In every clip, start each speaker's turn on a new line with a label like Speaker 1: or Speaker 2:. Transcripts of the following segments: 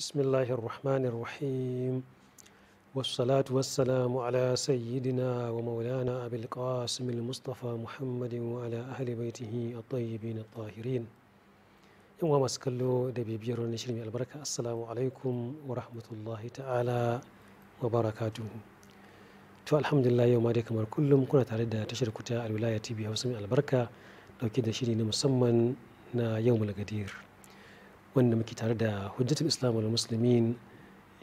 Speaker 1: bismillahir rahmanir rahim wassalatu wassalamu ala sayyidina wa maulana abil qasim al mustafa muhammadin wa ala ahli baitihi at-tayyibin at-tahirin yan masu kallo da bibiyar wani shirin albarka assalamu alaikum wa rahmatullahi ta'ala wa barakatuhu to ya yau ma dai kamar kullum kuna tare tashar kuta hausa albarka da shiri na musamman na yau wanda muke tare da hujjatul islam wal muslimin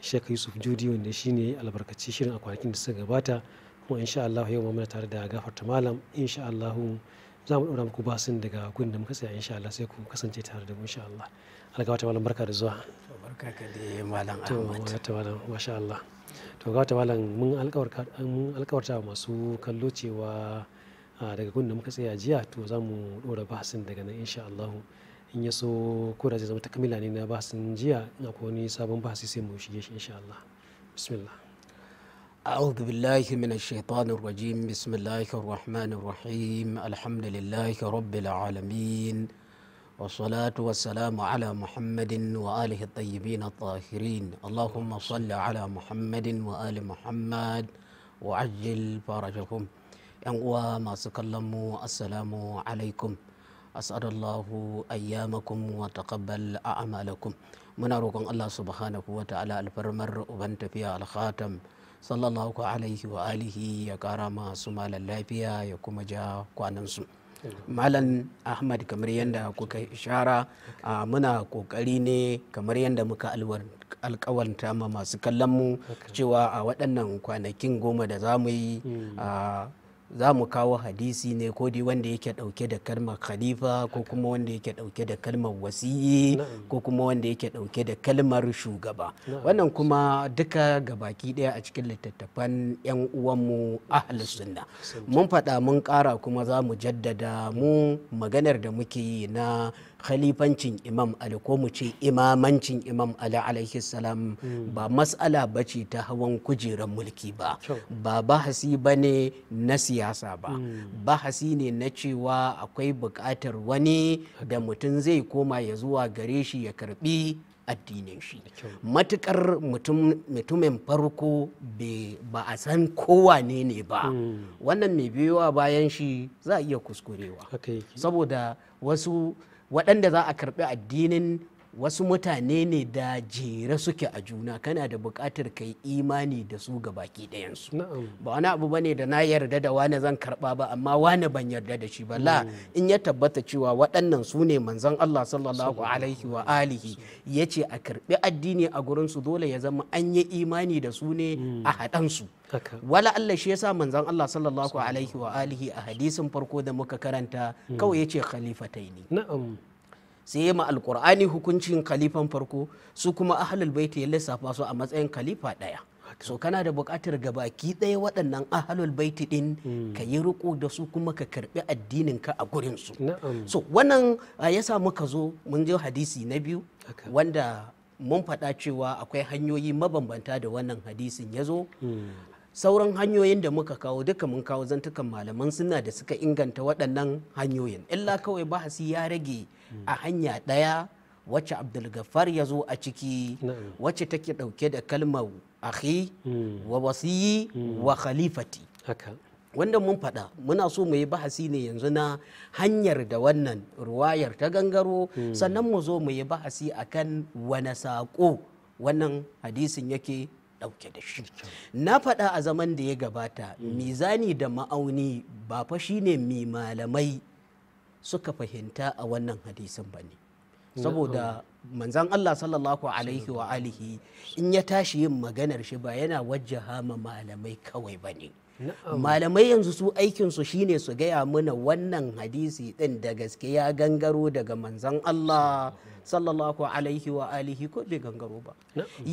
Speaker 1: shek yusuf judi wanda shine albarkaci shirin a kwanakin da suka gabata kuma insha Allah yau muna tare da gafarta malam insha Allah za mu dora muku basin daga gun da muka tsaya insha Allah sai ku kasance tare da mu insha Allah algawata malam barka da zuwa barka ka da malam Ahmad to malam masha Allah to gawata malam mun alƙawarta mun alƙawarta masu kallo cewa daga gun da muka tsaya jiya to za mu dora basin daga nan insha Allah in ya soo kura zai zama kamila ne na bahasin jiya na wani sabon bahasi sai mu shige shi insha Allah bismillah a'udhu billahi
Speaker 2: minash rajim bismillahir rahmanir rahim alhamdulillahi rabbil alamin wa salatu wa salamu ala muhammadin wa alihi at-tayyibin at-tahirin allahumma salli ala muhammadin wa ali muhammad wa ajil farajakum yan uwa masu kallon mu assalamu alaikum asadallahu ayyamakum wa taqabbal a'malakum muna rokon Allah subhanahu wa ta'ala alfarmar uban tafiya alkhatam sallallahu alaihi wa alihi ya karama su malan lafiya ya kuma ja kwanan su malan ahmad kamar yanda kuka ishara muna kokari ne kamar yadda muka alwar alkawanta ma masu kallon mu cewa a waɗannan kwanakin goma da zamu yi hmm. za mu kawo hadisi ne ko dai wanda yake dauke da kalmar khalifa ko kuma wanda yake dauke da kalmar wasiyi ko kuma wanda yake dauke da kalmar shugaba wannan kuma duka ga baki daya a cikin littattafan yan uwanmu ahli sunna mun faɗa mun ƙara kuma za mu jaddada mu maganar da muke yi na khalifancin imam ali ko mu ce imamancin imam ali alaihi salam hmm. ba mas'ala ba ce ta hawan kujerar mulki ba ba bahasi ba ne na siyasa ba hmm. bahasi ne na cewa akwai buƙatar wani da mutum zai koma ya zuwa gare shi ya karbi addinin shi matukar mutumin farko ba a san kowa ne ne ba hmm. wannan mai biyowa bayan shi za a iya kuskurewa saboda wasu waɗanda za a karɓi addinin wasu mutane ne da jere suke a juna kana da buƙatar kai imani da su ga baki ɗayansu ba wani abu bane da na yarda da wane zan karɓa ba amma wane ban yarda da shi ba la hmm. in ya tabbata cewa waɗannan su ne manzon Allah sallallahu alaihi wa alihi ya ce a karɓi addini a gurin su dole ya zama an yi imani da su ne hmm. a haɗansu wala Allah shi yasa manzon Allah sallallahu alaihi wa alihi a hadisin farko da muka karanta hmm. kawai ya ce khalifatai na'am sai ma alkur'ani hukuncin kalifan farko su kuma ahlul baiti ya lissafa su a matsayin kalifa ɗaya so kana da buƙatar gabaki ɗaya waɗannan ahalul baiti ɗin hmm. ka yi riko da su kuma ka karɓi addinin ka a gurin su so wannan ah, ya sa muka zo mun je hadisi na biyu wanda mun faɗa cewa akwai hanyoyi mabambanta da wannan hadisin ya zo hmm. sauran hanyoyin da muka kawo duka mun kawo zantukan malaman suna da suka inganta waɗannan hanyoyin illa kawai bahasi ya rage a hanya ɗaya wacce abdulgafar ya zo a ciki wacce take ɗauke da kalmar akhi hmm. wa wasiyi hmm. wa khalifati wanda mun faɗa muna so mu yi bahasi ne yanzu na hanyar da wannan ruwayar ta gangaro hmm. sannan mu zo mu yi bahasi akan wane saƙo wannan hadisin yake ɗauke da shi na faɗa a zaman da ya gabata mizani da ma'auni ba fa shine mi malamai suka fahimta a wannan hadisin ba ne saboda manzan Allah sallallahu alaihi wa alihi in ya tashi yin maganar shi ba yana wajaha ma malamai kawai ba ne malamai yanzu su aikinsu shine su gaya mana wannan hadisi ɗin da gaske ya gangaro daga manzan Allah sallallahu alaihi wa alihi ko bai gangaro ba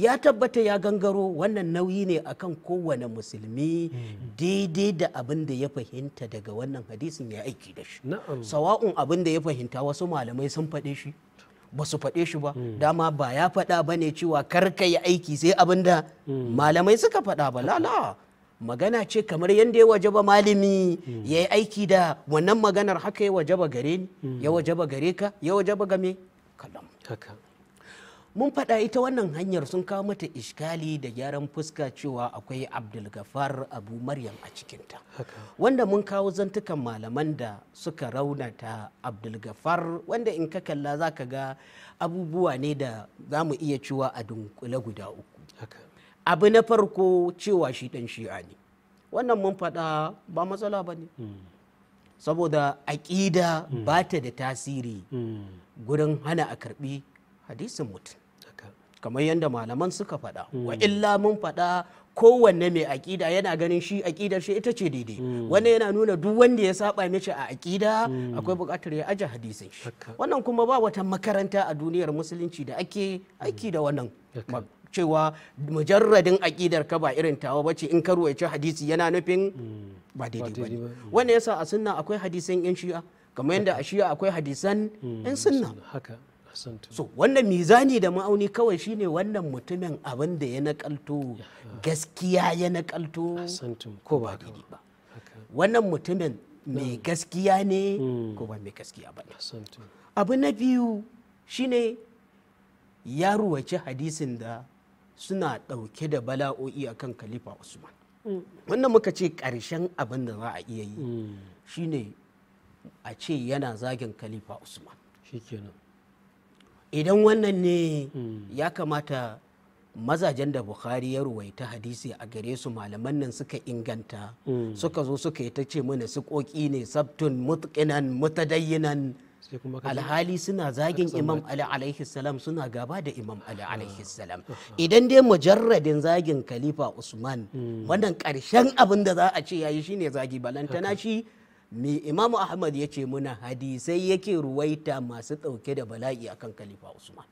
Speaker 2: ya tabbata ya gangaro wannan nauyi ne akan kowane musulmi hmm. daidai da abin da ya fahimta daga wannan hadisin ya aiki da shi sawa'un abin da ya fahimta wasu malamai sun faɗe shi ba su faɗe shi ba hmm. dama ba ya faɗa ba ne cewa karka ya aiki sai abin da hmm. malamai suka faɗa ba lala magana ce kamar yadda ya wajaba malami ya yi aiki da wannan maganar haka ya wajaba gare ni ya wajaba gare ka ya wajaba game kalam mun faɗa ita wannan hanyar sun kawo mata iskali da gyaran fuska cewa akwai abdulgafar abu maryam a cikinta wanda mun kawo zantukan malaman da suka raunata abdulgafar wanda in ka kalla za ka ga abubuwa ne da za mu iya cewa a dunkule guda uku abu na farko cewa shi ɗan shi'a ne wannan mun faɗa ba matsala ba ne hmm. saboda aƙida hmm. ba ta da tasiri hmm. gurin hana a karɓi hadisin mutum kamar yadda malaman suka faɗa hmm. wa illa mun faɗa kowanne mai aƙida yana ganin shi aƙidar shi ita ce daidai wannan yana nuna duk wanda ya saba mace a aƙida akwai buƙatar ya aje hadisin shi wannan kuma ba wata makaranta a duniyar musulunci da ake aiki da wannan cewa mujarradin aƙidar ka ba irin tawa ba ce in ka ruwaice hadisi yana nufin hmm. ba
Speaker 3: daidai
Speaker 1: ba
Speaker 2: wanda yasa a sunna akwai hadisan yan shi'a kamar yadda a shi'a akwai hadisan
Speaker 1: hmm. yan sunna
Speaker 2: so wannan mizani da ma'auni kawai shine wannan mutumin abin da ya nakalto gaskiya ya nakalto ko ba ba wannan mutumin hmm. mai gaskiya ne ko ba mai gaskiya ba abu na biyu shine ya ruwaci hadisin da suna ɗauke da bala'o'i akan kalifa usman mm. wannan muka ce ƙarshen abin da za a iya yi mm. shine a ce yana zagin kalifa usman idan wannan ne mm. ya kamata mazajen da bukhari ya ruwaita hadisi a gare su malaman nan suka inganta suka zo suka yi ta ce mana suƙoƙi ne sabtun mutkinan mutadayyinan alhali suna zagin imam ali alaihi salam suna gaba da imam ali ah, alaihi salam ah, ah. idan dai mujarradin zagin kalifa usman hmm. wannan karshen abin da za a ce yayi shine zagi balantana shi me imam ahmad ya ce muna hadisai yake ruwaita masu ɗauke da bala'i akan kalifa usman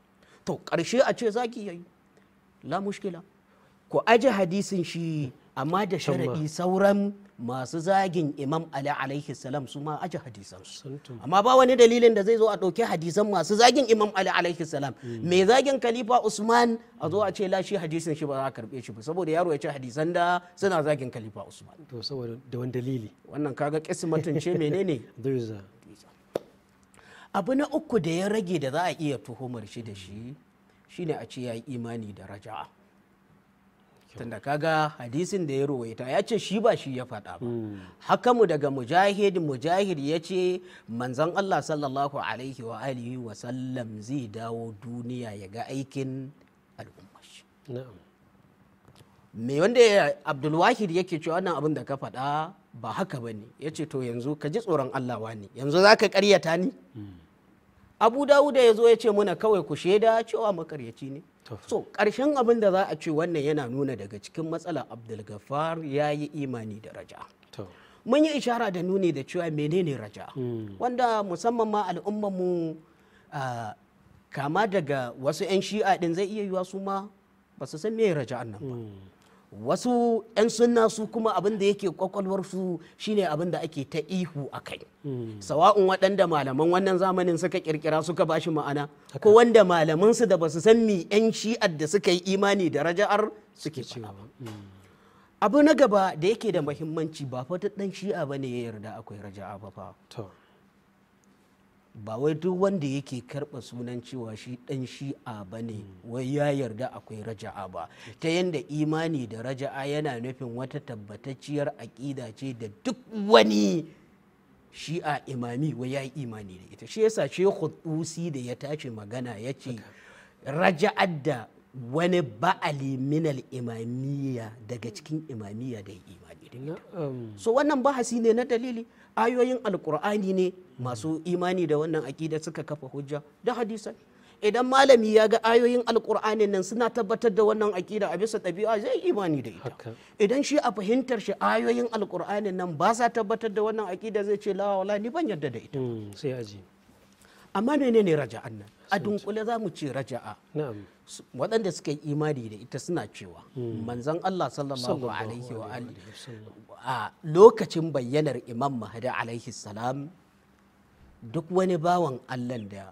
Speaker 2: to karshe a ce zagi yayi la mushkila ku aje hadisin shi amma da sharaɗi sauran masu zagin imam ali alaihi salam su ma aji hadisansu amma ba wani dalilin da zai zo a ɗauki hadisan masu zagin imam ali alaihi salam mai hmm. zagin khalifa usman a zo a ce lashi hadisin shi ba za a karɓe shi ba saboda yaro ya ce hadisan da suna zagin khalifa usman
Speaker 1: to saboda da wani dalili wannan kaga kismatin ce menene
Speaker 2: abu na uku da ya rage da za a iya tuhumar shi da shi shine a ce ya yi imani da raja'a tunda kaga hadisin da ya rawaita ya ce shi ba shi ya faɗa ba hmm. haka mu daga mujahid mujahid ya ce manzon Allah sallallahu alaihi wa alihi wa sallam zai dawo duniya ya ga aikin al'umma shi me wanda abdulwahid yake cewa wannan abin da ka faɗa ba haka ba ne ya ce to yanzu ka ji tsoron Allah wani yanzu za ka karyata ni hmm. abu dawuda ya zo ya ce muna kawai ku shaida cewa makaryaci ne so karshen abin da za a ce wannan yana nuna daga cikin matsala abdulgafar ya yi imani da raja mun yi ishara da nuni da cewa menene raja hmm. wanda musamman ma al'ummanmu kama daga wasu 'yan shi'a din zai iya yiwa su ma ba su san me raja'an nan ba hmm. wasu 'yan sunna su kuma abin da yake kwakwalwarsu shine abin da ake ta ihu a kai sawa'un waɗanda malaman wannan zamanin suka kirkira suka bashi ma'ana ko wanda su da basu san mi 'yan shi'ar da suka yi imani da raja'ar suke cewa mm. abu na gaba da yake da muhimmanci ba fa ɗan shi'a ba ne ya yarda akwai raja'a ba fa ba wai duk wanda yake karɓa sunan cewa shi ɗan shi'a ba ne wai ya yarda akwai raja'a ba ta yadda imani da raja'a yana nufin wata tabbatacciyar aƙida ce da duk wani shi'a imami wai ya yi imani da ita shi yasa shekhu tusi da ya tashi magana ya ce raja'ar da wani ba'ali minal daga cikin imamiya da imani da ita um, so wannan bahasi ne na dalili ayoyin alkur'ani ne masu imani da wannan aƙida suka kafa hujja da hadisai idan malami ya ga ayoyin alkur'ani nan suna tabbatar da wannan aƙida a bisa ɗabi'a zai imani da ita idan shi a fahimtar shi ayoyin alkur'ani nan ba sa tabbatar da wannan aƙida zai ce lawa wala ni ban yarda da ita hmm, sai aji amma menene raja'an nan a dunkule za mu ce raja'a waɗanda suka yi imani da ita suna cewa hmm. Manzan Allah sallallahu alaihi wa a lokacin bayyanar imam mahdi alaihi salam duk wani bawan Allah da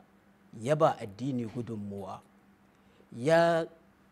Speaker 2: ya ba addini gudunmuwa ya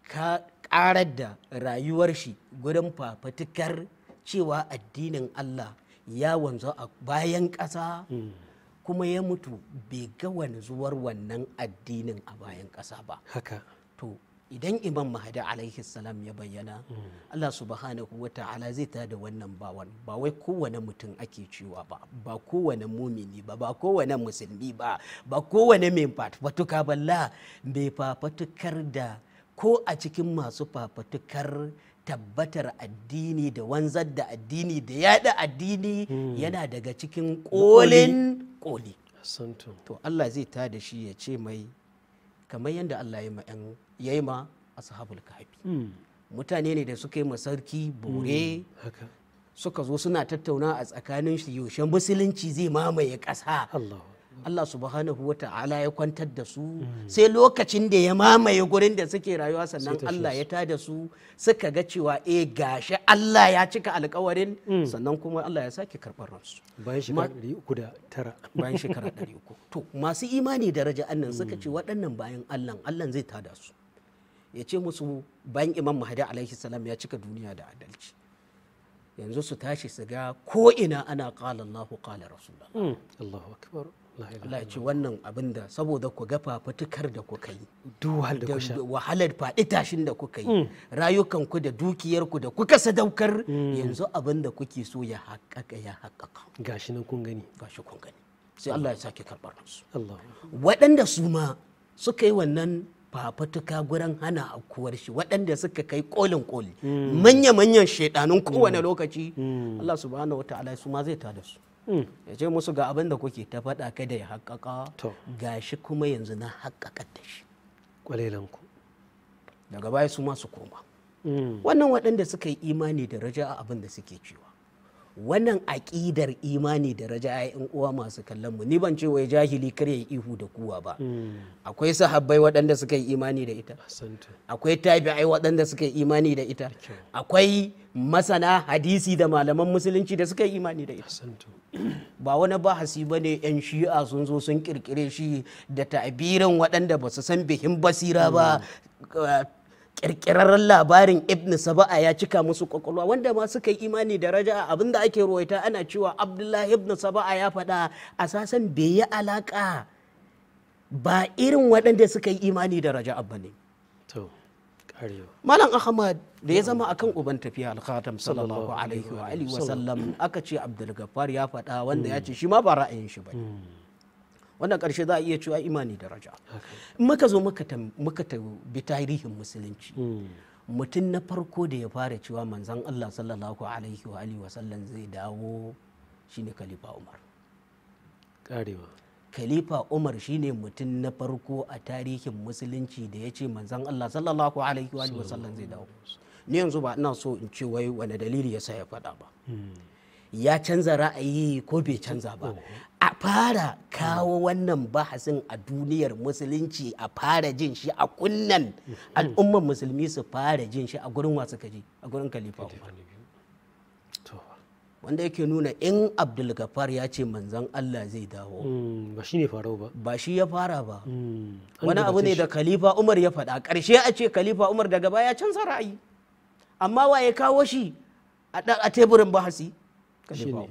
Speaker 2: karar da rayuwar shi gudun fafatukar cewa addinin Allah ya wanzu a bayan ƙasa hmm. kuma ya mutu bai ga wani zuwar wannan addinin a bayan ƙasa ba haka to idan imam mahadi alaihi salam ya bayyana allah subhanahu wa ta'ala zai ta da wannan bawan ba wai kowane mutum ake cewa ba ba kowane mumini ba ba kowane musulmi ba ba kowane mai fafatuka balla mai fafatukar da ko a cikin masu fafatukar tabbatar addini da wanzar da addini da yada addini hmm. yana daga cikin kolin koli to Allah zai ta da shi ya ce mai kamar yadda Allah ya yi ma ashabul kahfi hmm. mutane ne da suka yi masarki bore hmm. suka zo suna tattauna a tsakanin shi yaushe musulunci zai mamaye ƙasa Allah subhanahu wa ta'ala ya kwantar da su sai lokacin da ya mamaye gurin da suke rayuwa sannan Allah ya tada su suka ga cewa e gashi Allah ya cika alkawarin mm. sannan kuma Allah ya sake karɓar ransu
Speaker 1: bayan shekara tara. bayan shekara
Speaker 2: 300 to masu imani daraja annan suka ce mm. waɗannan bayan Allah Allah zai tada su ya ce musu bayan Imam Mahdi alaihi salam ya cika duniya da adalci yanzu su tashi su ga ko ina ana qala Allahu qala rasulullah
Speaker 1: mm. Allahu akbar
Speaker 2: Allah ce wannan abin da saboda ku ga fafutukar da kuka yi wahalar faɗi tashin da kuka yi mm. rayukanku da dukiyarku da kuka sadaukar mm. yanzu abin da kuke so ya haƙaƙa ya haƙaƙa gashi nan kun gani gashi kun gani sai Allah ya sake karɓar su waɗanda su ma suka yi wannan fafatuka gurin hana aukuwar shi waɗanda suka kai kolin koli
Speaker 3: mm. manya-manyan shaidanun kowane lokaci Allah
Speaker 2: subhanahu wa ta'ala su ma zai tada su Hmm. ya ce musu ga abin da kuke ta faɗa kada ya haƙaƙa ga shi kuma yanzu na haƙaƙa da shi ƙwalilanku daga baya su masu koma hmm. wannan waɗanda suka yi imani da a abin da suke cewa wannan aƙidar imani da raja in uwa masu kallon mu ni ban ce wai jahili kar yi ihu da kuwa ba hmm. akwai sahabbai waɗanda suka yi imani da ita akwai tabi'ai waɗanda suka yi imani da ita akwai masana hadisi da malaman musulunci da suka yi imani da ita ba wani bahasi ba ne yan shi'a sun zo sun kirkire shi da tabirin waɗanda ba su san bihin basira ba hmm. eh, kirkirarren labarin ibn saba'a ya cika musu kwakwalwa wanda ma suka yi imani da abin da ake ruwaita ana cewa abdullahi ibn saba'a ya faɗa a sasan bai yi alaƙa ba irin waɗanda suka yi imani da raja'a abba ne malam ahmad da ya zama akan uban tafiya alkhatam sallallahu alaihi wa sallam aka ce abdul ya faɗa wanda ya hmm. ce shi ma ba ra'ayin shi ba ne hmm. wannan karshe za a iya cewa imani daraja in muka zo muka bi tarihin musulunci hmm. mutum na farko da ya fara cewa manzan Allah sallallahu alaihi wa alihi wasallam zai dawo shine kalifa Umar
Speaker 1: karewa kalifa
Speaker 2: Umar shine mutum na farko a tarihin musulunci da ya ce manzan Allah sallallahu alaihi wa alihi wasallam zai dawo ni yanzu ba ina so in ce wai wani dalili yasa ya faɗa ba hmm. ya canza ra'ayi ko bai canza ba a fara kawo wannan bahasin a duniyar musulunci a fara jin shi a kunnan al'ummar musulmi su fara jin shi a gurin wasu kaji a gurin khalifa umar wanda yake nuna in abdulgafar ya ce manzan Allah zai dawo
Speaker 1: hmm, ba shi ne farau ba
Speaker 2: ba shi ya fara ba
Speaker 3: hmm.
Speaker 2: wani abu ne da khalifa umar ya faɗa ƙarshe a ce khalifa umar daga baya canza ra'ayi amma wa ya kawo shi a teburin bahasi kyau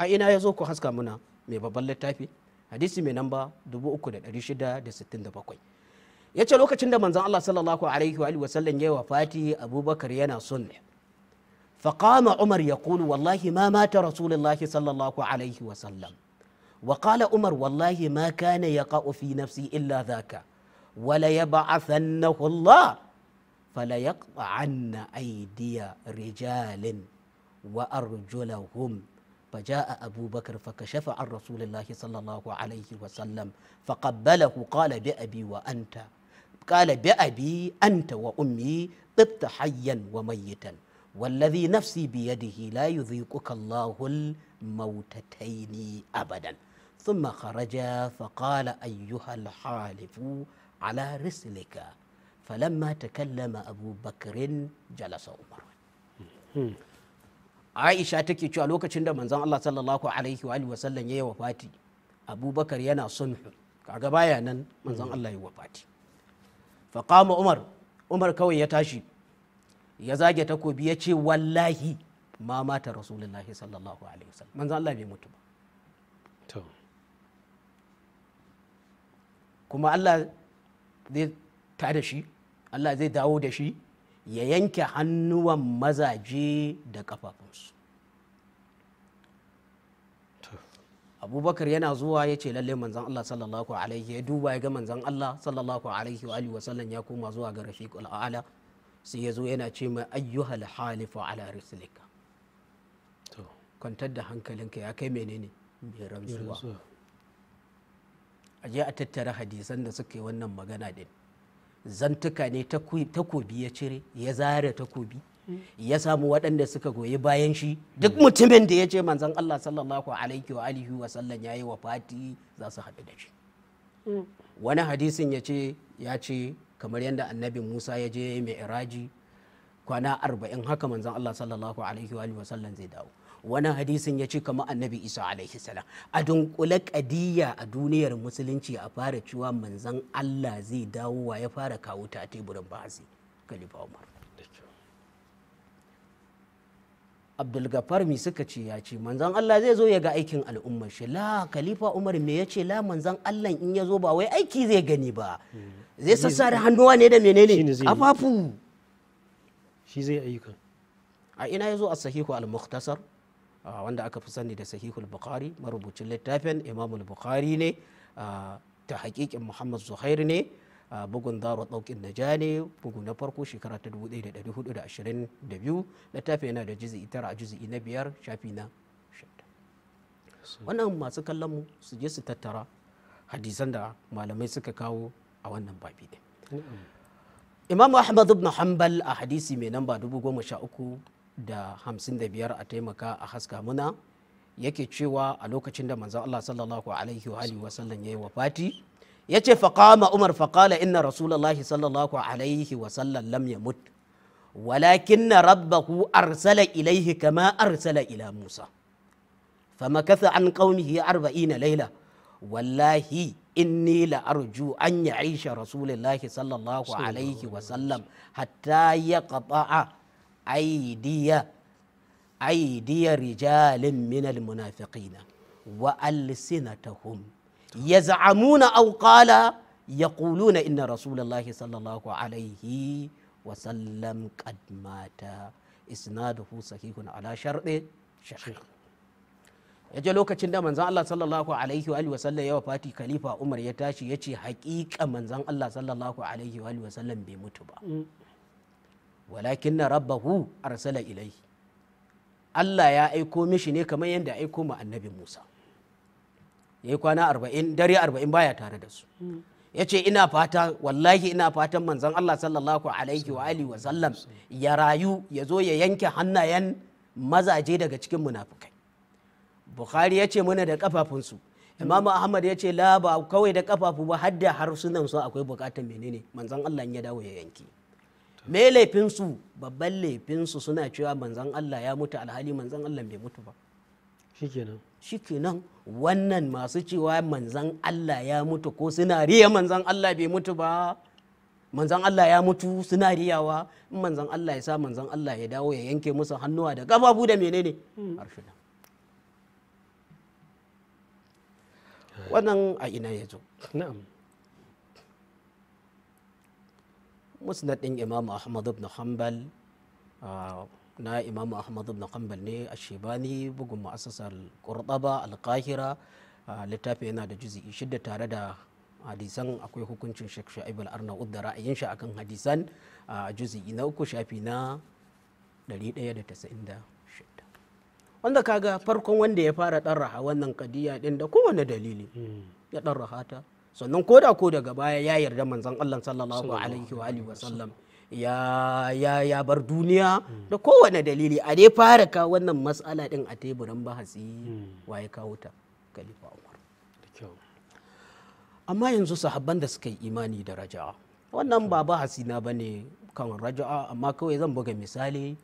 Speaker 2: a ina ya zo ku haska muna mai babban littafi hadisi mai namba 3667 ya ce lokacin da manzon Allah sallallahu alaihi wa sallam ya yi wa fati abubakar yana sunna فقام عمر يقول والله ما مات رسول الله صلى الله عليه وسلم وقال عمر والله ما كان يقع في نفسي إلا ذاك وليبعثنه الله فليقطعن أيدي رجال وأرجلهم فجاء أبو بكر فكشف عن رسول الله صلى الله عليه وسلم فقبله قال بأبي وأنت قال بأبي أنت وأمي طبت حيا وميتا والذي نفسي بيده لا يذيقك الله الموتتين أبدا ثم خرج فقال أيها الحالف على رسلك falamma takallama abu bakirin jalasa umar aisha take cewa lokacin da manzon allah sallallahu alaihi wa wasallam ya yi wafati abubakar yana sulhu kaga baya nan manzon allah ya wafati faqama umar umar kawai ya tashi ya zage takobi ya ce wallahi ma mata rasulullahi sallallahu alaihi wasallam manzon allah bai mutu ba kuma allah zai da shi Allah zai dawo da shi ya yanke hannuwan mazaje da kafafunsu abubakar yana zuwa ya ce lalle manzan Allah sallallahu alaihi ya duba ya ga manzan Allah sallallahu alaihi wa alihi wasallam ya koma zuwa ga rafiqul a'la sai ya zo yana ce mai ayyuhal halifu ala rislika kwantar da hankalinka ya kai menene mai ramsuwa a a tattara hadisan da suke wannan magana din zantuka ne takobi ya cire ya zare takobi mm. ya samu waɗanda suka goyi bayan shi duk mutumin da ya ce manzan, Allah sallallahu alaihi wa alihi wa sallam yayi wa fati za su haɗu da shi mm. wani hadisin ya ce ya ce kamar yadda annabi Musa ya je mai iraji kwana arba'in haka manzan, Allah sallallahu alaihi wa sallam zai dawo wani hadisin ya ce kama annabi isa alaihi salam a dunkule kadiyya a duniyar musulunci a fara cewa manzan allah zai dawo wa ya fara kawo ta teburin ba'azi kalifa umar abdulgafar mi suka ce ya ce manzan allah zai zo ya ga aikin al'ummar shi la kalifa umar me ya ce la manzan allah in ya zo ba wai aiki zai gani ba hmm. zai sassa da hannuwa ne da menene
Speaker 1: afafu shi zai ayyuka
Speaker 2: a ina ya zo a sahihu al-mukhtasar Ah, wanda aka fi sani da sahihul bukhari marubucin littafin imamul bukhari ne ah, ta hakikin muhammad zuhair ne ah, bugun daro daukin naja ne bugu na farko shekara ta 1422 littafi yana da jizi tara a jizi na biyar shafi na wannan masu kallon mu su je su tattara hadisan da malamai suka kawo a wannan babi ne imam ahmad ibn hanbal a hadisi mai namba uku. da hamsin da biyar a taimaka a haska muna yake cewa a lokacin da manzon Allah sallallahu alaihi wa alihi wasallam yayi wafati yace faqama Umar faqala inna rasulullahi sallallahu alaihi wa sallam lam yamut walakinna rabbahu arsala ilaihi kama arsala ila Musa فمكث عن قومه أربعين ليلة والله إني لأرجو أن يعيش رسول الله صلى الله عليه وسلم حتى يقطع أيدي أيدي رجال من المنافقين وألسنتهم يزعمون أو قال يقولون إن رسول الله صلى الله عليه وسلم قد مات إسناده صحيح على شرط شيخ ya je lokacin da manzan Allah sallallahu alaihi wa sallam ya wafati khalifa Umar ya tashi ya ce haƙiƙa manzan Allah sallallahu alaihi wa sallam bai mutu ba walakin na rabbahu arsala ilai Allah ya aiko mishi ne kamar yadda aiko ma annabi Musa ya yi kwana arba'in dare arba'in baya tare da su ya ce ina fata wallahi ina fatan manzan Allah sallallahu alaihi wa alihi wa sallam ya rayu ya zo ya yanke hannayen mazaje daga cikin munafukai Bukhari ya ce mana da kafafunsu Imam Ahmad ya ce la ba kawai da kafafu ba har da harsunan su akwai bukatan menene manzan Allah ya dawo ya yanke me laifinsu babban laifinsu suna cewa manzan Allah ya mutu alhali manzan Allah bai mutu ba shikenan shikenan wannan masu cewa manzan Allah ya mutu ko suna riya manzan Allah bai mutu ba manzan Allah ya mutu suna riyawa in manzan Allah ya sa manzan Allah ya dawo ya yanke musu hannuwa da kafafu da menene hmm. arshida wannan a ina ya zo na'am Musnadin Imam ahmad ibn hanbal na Imam ahmad ibn hanbal ne a shebani bugun ma'asasar kurdaba alkahira littafi yana da juzi shidda tare da hadisan akwai hukuncin shek sha'ib al'arna arnaud da ra'ayin shi akan hadisan a juzi na uku shafi na 196 wanda kaga farkon wanda ya fara ɗarraha wannan kadiya ɗin da kowane dalili ya ɗarraha ta sannan ko da ko daga baya ya yarda manzon Allah sallallahu alaihi wa alihi wasallam ya ya ya bar duniya da kowane dalili a dai fara ka wannan matsala din a teburin bahasi hmm. wa ya kawo ta khalifa Umar amma yanzu sahabban da suka yi imani da raja'a wannan ba bahasi na bane kan raja'a amma kawai zan buga misali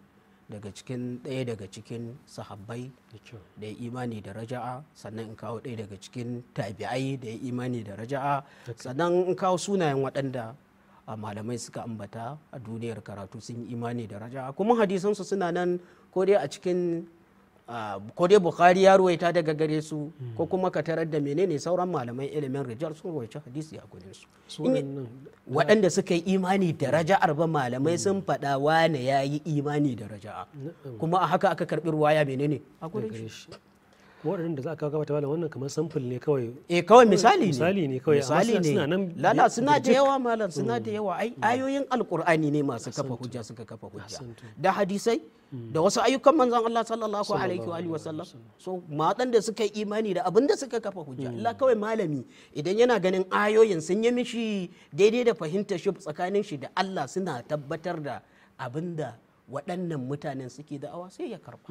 Speaker 2: daga cikin ɗaya daga cikin sahabbai da ya imani da raja'a sannan in kawo ɗaya daga cikin tabi'ai da ya imani da raja'a sannan in kawo sunayen waɗanda malamai suka ambata a duniyar karatu sun imani da raja'a kuma hadisansu suna nan ko dai a cikin Ah, ko dai bukhari ya ruwaita daga gare su ko hmm. kuma ka tarar da menene sauran malaman ilimin rijal sun ruwaici hadisi a gurin su waɗanda suka yi imani da raja'ar ba malamai sun hmm. faɗa wane ya yi imani da raja'a kuma a haka aka karɓi ruwaya menene a gurin
Speaker 3: shi
Speaker 1: waɗannan da za a kawo gabata malam wannan kamar samfil ne kawai eh kawai misali ne misali ne kawai misali ne suna nan lala suna da yawa malam suna
Speaker 2: da yawa ai mm. ayoyin alqur'ani ne masu kafa hujja suka kafa hujja da hadisai mm. da wasu ayyukan manzon Allah sallallahu alaihi wa alihi sallam so matan da suka yi imani da abin da suka kafa hujja mm. Allah kawai malami idan yana ganin ayoyin sun yi mishi daidai da fahimtar shi tsakanin shi da Allah suna tabbatar da abin da waɗannan mutanen suke da'awa sai ya karba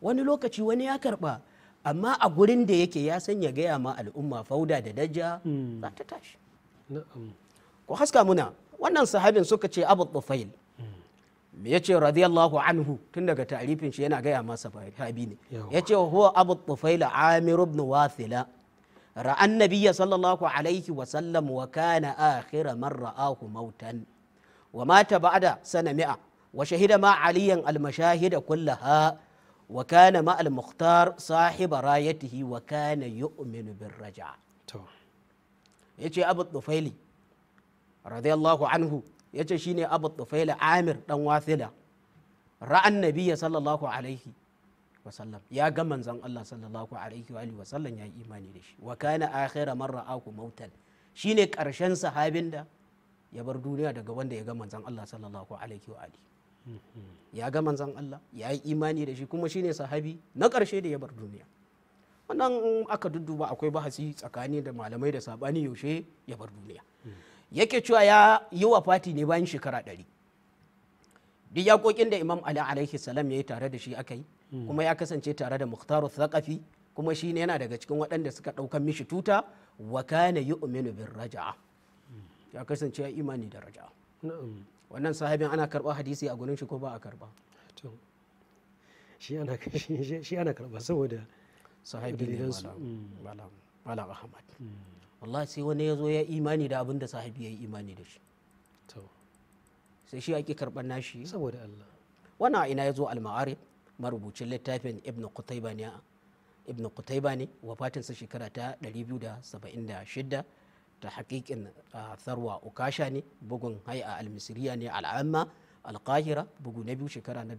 Speaker 2: wani lokaci wani ya karba amma a gurin da yake ya san ya gaya ma al'umma fauda da Daja. Hmm. za ta tashi ku haska muna wannan sahabin suka ce abu tufail me hmm. ya ce radiyallahu anhu tun daga tarifin shi yana gaya masa sahabi ne ya ce huwa abu tufail amir ibn wathila ra'an nabiyya sallallahu alaihi wa sallam wa kana akhira man ra'ahu mautan wa mata ba'da sana mi'a wa shahida ma aliyan al-mashahida kullaha Wakana kana ma'al muhtar sahiba rayatihi wa kana yu'minu bin raja yace abu tufaili radiyallahu anhu yace shine abu tufaili amir dan wasila ra'an nabiyya sallallahu alaihi wasallam ya ga manzon Allah sallallahu alaihi wa wasallam ya imani da shi Wakana kana akhira man ra'ahu mautan shine karshen sahabin da ya bar duniya daga wanda ya ga manzon Allah sallallahu alaihi wa ya ga manzan Allah ya yi imani da shi kuma shi ne sahabi na ƙarshe da ya bar duniya wannan aka dudduba akwai bahasi tsakani da malamai da sabani yaushe ya bar duniya yake cewa ya yi wa fati ne bayan shekara ɗari duk yakokin da imam ali alaihi salam ya yi tare da shi aka yi kuma ya kasance tare da muhtaru thaqafi kuma shi ne yana daga cikin waɗanda suka ɗaukan mishi tuta wa kana yu'minu bir raja'a ya kasance ya imani da raja'a wannan sahibin ana karba hadisi a gurin shi ko ba a karba
Speaker 1: to shi ana karba saboda sahabi ne mm. malam malam ahmad mm.
Speaker 2: wallahi sai wani ya zo ya imani da abin da sahabi ya yi imani da shi to sai shi ake karban nashi saboda Allah wannan ina ya zo al-ma'arib marubucin littafin ibnu qutayba ne ibn qutayba ne wafatinsa shekara ta 276 ta haƙiƙin ah, sarwa ukasha ne bugun hai'a almisiriya ne al'amma alkahira bugu na biyu shekara na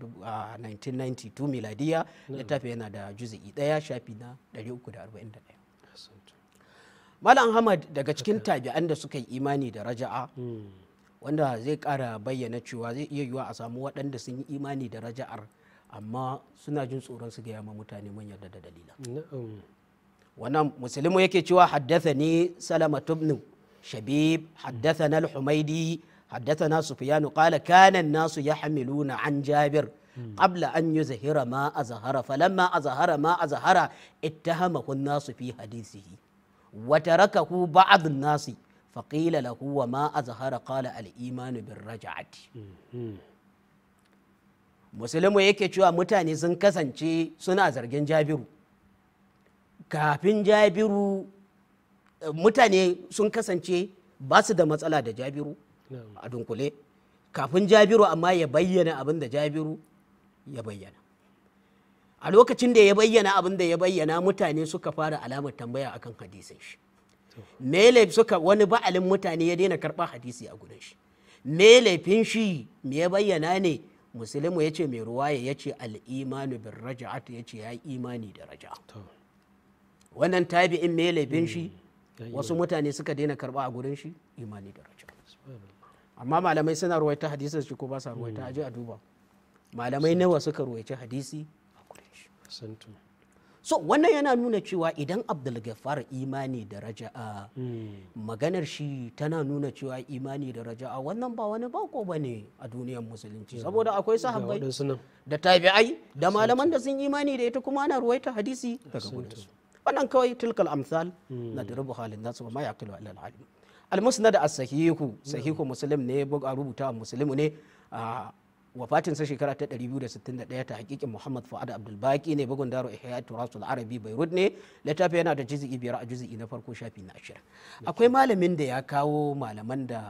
Speaker 2: 1992 ah, miladiya littafi yana da juzi'i ɗaya shafi na 341 malam hamad daga cikin tabi'an da suka yi imani da raja'a hmm. wanda zai kara bayyana cewa zai iya yiwa a samu waɗanda sun yi imani da raja'ar amma suna jin tsoron su gaya ma mutane mun yarda da dalila wannan musulmi yake cewa haddasa ne salama tubnin shabib haddasa na al-humaidi haddasa na sufiyanu kala kanan nasu ya hamilu na an jabir qabla an yi zahira ma a zahara falamma a zahara ma a zahara ittahama hun nasu fi hadisihi wa taraka hu ba'd an faqila lahu wa ma a zahara qala al-iman bir raj'ati musulmi yake cewa mutane sun kasance suna zargin jabiru kafin jabiru eh, mutane sun kasance ba su da matsala da jabiru a dunkule kafin jabiru amma ya bayyana abin da jabiru ya bayyana a lokacin da ya bayyana abin da ya bayyana mutane suka fara alamar tambaya akan hadisin shi me suka wani ba'alin mutane ya daina karɓar hadisi a gudun shi me laifin shi me ya bayyana ne musulmi ya ce mai ruwaya ya ce al'imanu bin raja'atu ya ce ya imani da raja'a wannan tabi'in me laifin shi hmm. wasu mutane suka daina karba a gurin shi imani da raja amma malamai suna ruwaita hadisin shi ko ba sa ruwaita hmm. aje a duba malamai nawa suka ruwaita hadisi a
Speaker 1: gurin shi
Speaker 2: so wannan yana nuna cewa idan abdul gaffar imani da raja'a hmm. maganar shi tana nuna cewa imani da raja'a wannan ba wani bako ba ne a duniyar musulunci saboda akwai sahabbai da tabi'ai da malaman da sun imani da ita kuma ana ruwaita hadisi daga gudunsu wannan kawai tilkal amsal hmm. na diribu halin nasu ma yaqilu illa alim almusna da as-sahihu sahihu muslim ne buga rubuta muslimu ne wafatin sa shekara ta 261 ta hakikin Muhammad Fuad Abdul Baqi ne bugun daro Ihya Turasul Arabi Beirut ne littafi yana da juzu'i biyar a juzu'i na farko shafi na 20 akwai malamin da ya kawo malaman da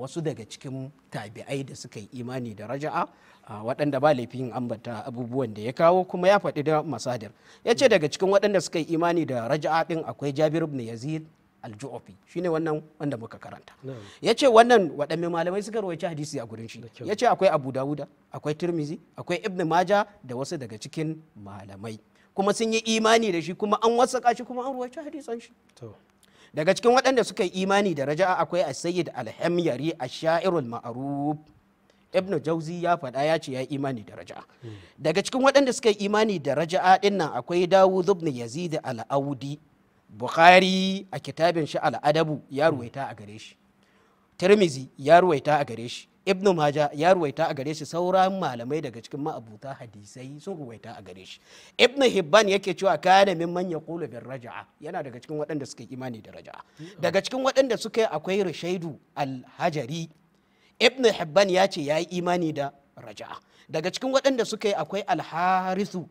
Speaker 2: wasu daga cikin tabi'ai da suka yi imani da raja'a waɗanda ba laifin ambata abubuwan da ya kawo kuma ya faɗi da masadir ya ce daga cikin waɗanda suka yi imani da raja'a ɗin akwai jabir ibn yazid al-ju'afi shine wannan wanda muka karanta ya ce wannan waɗanne malamai suka rawaice hadisi a gurin shi ya ce akwai abu dawuda akwai tirmizi akwai ibn maja da wasu daga cikin malamai kuma sun yi imani da shi kuma an wasaka shi kuma an
Speaker 1: rawaice hadisan shi
Speaker 2: daga cikin waɗanda suka yi imani da raja'a akwai as-sayyid al-hamyari ash-sha'irul ma'ruf ibnu jauzi ya faɗa ya ce ya imani da raja'a daga cikin waɗanda suka yi imani da raja'a ɗin nan akwai dawud ibn yazid al-audi bukhari a kitabin shi al-adabu ya ruwaita a gare shi tirmizi ya ruwaita a gare shi ibnu maja ya ruwaita a gare shi sauran malamai daga cikin ma'abuta hadisai sun ruwaita a gare shi ibnu hibban yake cewa kana min man yaqulu bir raja'a yana daga cikin waɗanda suka imani da raja'a daga cikin waɗanda suka akwai rashaidu al-hajari ibn habban ya ce ya yi imani da raja'a daga cikin waɗanda suka yi akwai alharisu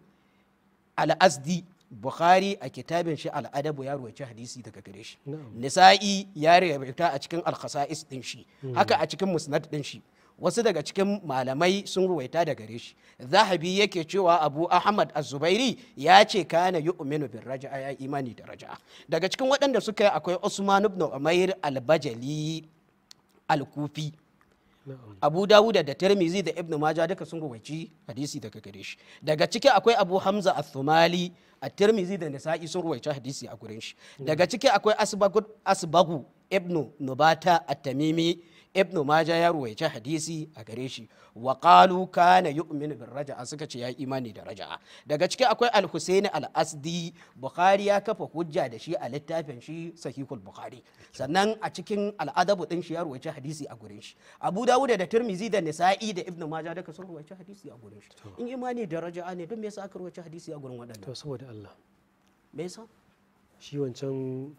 Speaker 2: al'azdi bukhari a kitabin shi al'adabu ya rubuce hadisi daga gare shi nisa'i ya rubuta a cikin alkhasa'is din shi hmm. haka a cikin musnad din shi wasu daga cikin malamai sun ruwaita da gare shi zahabi yake cewa abu ahmad az-zubairi ya ce kana yu'minu bin raja'a ya imani da raja'a daga cikin waɗanda suka yi akwai usman ibn umair al-bajali al-kufi abu dawuda da tirmizi da ibnu maja duka sun rawaici hadisi daga gare shi daga ciki akwai abu hamza athumali a tirmizi da Nisa'i sun rawaici hadisi a gurin shi daga ciki akwai asbagu ibnu nubata at-tamimi ibnu maja ya ruwaice hadisi a gare shi wa qalu kana yu'minu bir raja'a suka ce ya imani da raja'a daga ciki akwai al-husaini al-asdi bukhari ya kafa hujja da shi a littafin shi sahihul bukhari sannan a cikin al'adabu din shi ya ruwaice hadisi a gurin shi abu dawud da tirmizi da nisa'i da ibnu maja duka sun ruwaice hadisi a gurin shi in imani da raja'a ne don me yasa aka ruwaice hadisi a gurin waɗannan to saboda Allah me yasa shi wancan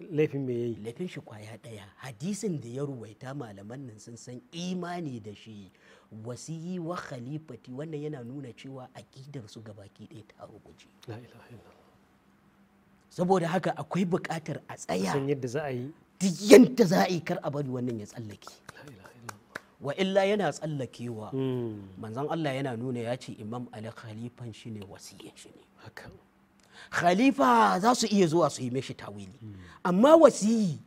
Speaker 2: laifin me yayi laifin shi kwaya daya hadisin da ya ruwaita malaman nan sun san imani da shi wasiyi wa khalifati wannan yana nuna cewa aqidar su gabaki ɗaya ta rubuce la saboda haka akwai bukatar a tsaya san yadda za a yi duk za a yi kar a bari wannan ya tsallake wa illa yana tsallakewa hmm. manzon Allah yana nuna ya ce imam ali khalifan shine wasiyin shi ne khalifa za su iya zuwa su yi mishi tawili amma wasiyi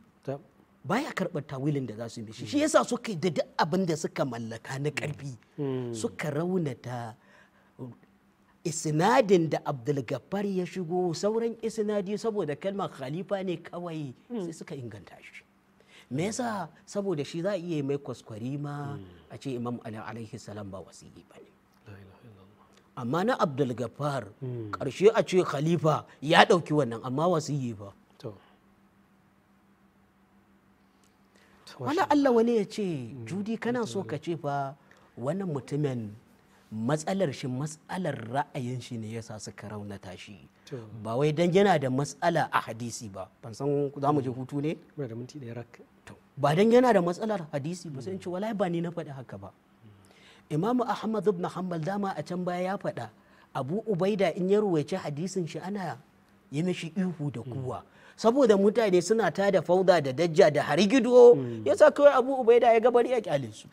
Speaker 2: baya karɓar tawilin da za su mishi shi yasa suka da duk abin da suka mallaka na karfi
Speaker 3: hmm. suka
Speaker 2: raunata isnadin da abdulgafar ya shigo sauran isnadi saboda kalmar khalifa ne kawai hmm. sai suka inganta shi me yasa saboda shi za a iya mai kwaskwari ma hmm. a ce imam alaihi salam ba wasiyi ba ne amma na abdul gaffar hmm. ƙarshe a ce khalifa ya ɗauki wannan amma yi ba Wani Allah wani ya ce hmm. judi kana so ka ce fa wannan mutumin matsalar shi matsalar ra'ayin shi ne ya sa suka raunata shi ba wai don yana da matsala a hadisi ba ban san za mu je hmm. hutu ne ba don yana da matsalar hadisi ba sai in ce wala ba ni na faɗi haka ba imamu ahmad ibn hanbal dama a can baya ya faɗa abu ubaida in ya ruwaice hadisin shi ana yi mishi ihu da kuwa saboda mutane suna ta da fauda da dajja da harigido hmm. ya sa kawai abu ubaida ya gabar ya kyale su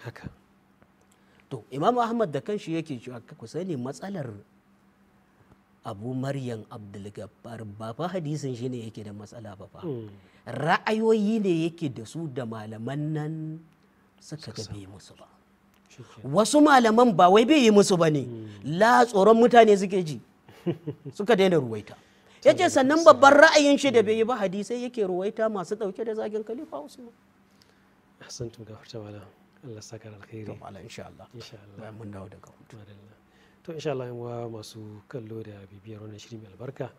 Speaker 2: to imam ahmad da kanshi yake cewa ku sani matsalar abu maryam abdulgabbar ba fa hadisin shi ne yake da matsala ba fa hmm. ra'ayoyi ne yake da su da malaman nan suka gabe musu ba wasu malaman ba wai bai yi musu ba ne la tsoron mutane suke ji
Speaker 1: suka daina ruwaita
Speaker 2: ya ce sannan babban ra'ayin shi da bai yi ba hmm. hadisai yake ruwaita masu ɗauke da zagin khalifa usman
Speaker 1: hassan tun gafarta wala allah sakar alkhairi to ala insha allah insha allah mun dawo daga hutu to insha allah yan masu kallo da bibiyar wannan shirin albarka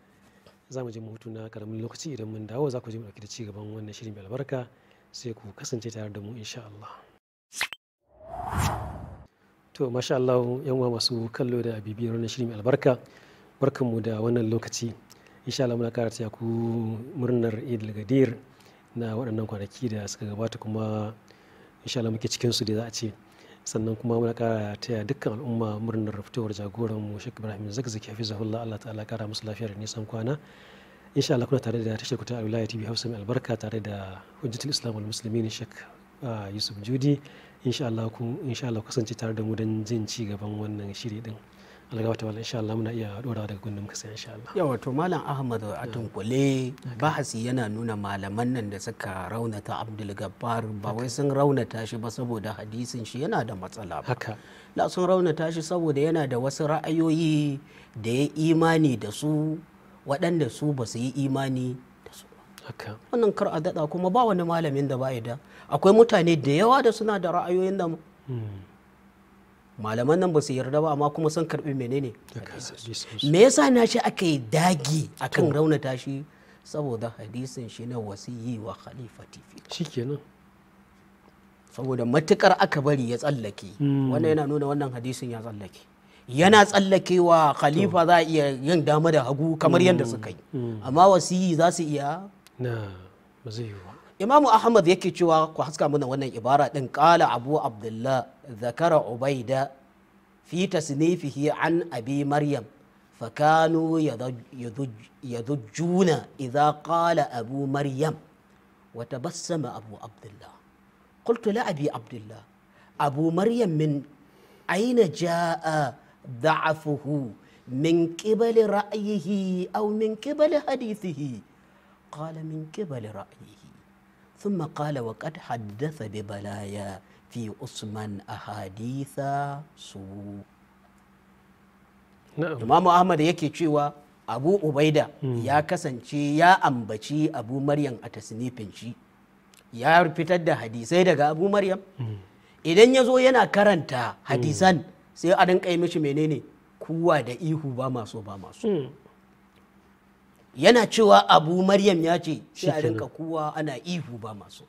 Speaker 1: za mu je mu hutu na karamin lokaci idan mun dawo za ku je mu dauki da ci gaban wannan shirin albarka sai ku kasance tare da mu insha allah to masha Allah yan uwa masu kallo da bibiyar wannan shirin albarka barkanmu da wannan lokaci insha Allah muna karata ku murnar Eid al-Gadir na waɗannan kwanaki da suka gabata kuma insha Allah muke cikin su da za a ce sannan kuma muna kara taya dukkan al'umma murnar fitowar jagoran mu Sheikh Ibrahim Zakzaki hafizahullah Allah ta'ala kara musu lafiya da nisan kwana insha Allah kuna tare da tashar kuta Alwilaya TV Hausa mai albarka tare da Hujjatul Islam wal Muslimin Sheikh ah, Yusuf Judi insha Allah ku tare da mu don jin ci gaban wannan shiri din alga wata wala insha Allah muna iya dora daga gundum kasa insha Allah
Speaker 2: yawa to malam Ahmad a tunkule bahasi yana nuna malaman nan da suka raunata Abdul Gabbar ba wai sun raunata shi ba saboda hadisin shi yana da matsala ba haka la sun raunata shi saboda yana da wasu ra'ayoyi da ya imani da su waɗanda su ba su yi imani da su ba wannan kar a daɗa kuma ba wani malamin da ba ya da akwai mutane da yawa da suna da ra'ayoyin da hmm. malaman nan ba su yarda ba amma kuma sun karbi menene me yasa na shi aka yi dagi akan raunata shi saboda hadisin shi na wasiyi wa khalifati shikenan saboda matukar aka bari ya tsallake
Speaker 3: hmm. wannan yana
Speaker 2: nuna wannan hadisin ya tsallake yana tsallakewa khalifa za a iya yin dama da hagu kamar yadda hmm. suka yi amma wasiyi za su iya
Speaker 1: na ba zai yi
Speaker 2: إمام أحمد يكي شوى كوحسكا من ون إبارة إن قال أبو عبد الله ذكر عبيدة في تسنيفه عن أبي مريم فكانوا يضجون إذا قال أبو مريم وتبسم أبو عبد الله قلت لا أبي عبد الله أبو مريم من أين جاء ضعفه من قبل رأيه أو من قبل حديثه قال من قبل رأيه ثم قال وقد حدث ببلايا في عثمان su. سوء نعم إمام أحمد cewa abu ubaida ya kasance ya ambaci abu maryam a tasnifin shi ya fitar da hadisai daga abu maryam idan ya zo yana karanta hadisan sai a rinka mishi menene kuwa da ihu ba masu ba masu. yana cewa abu maryam ya ce sai a rinka kuwa ana ihu ba masu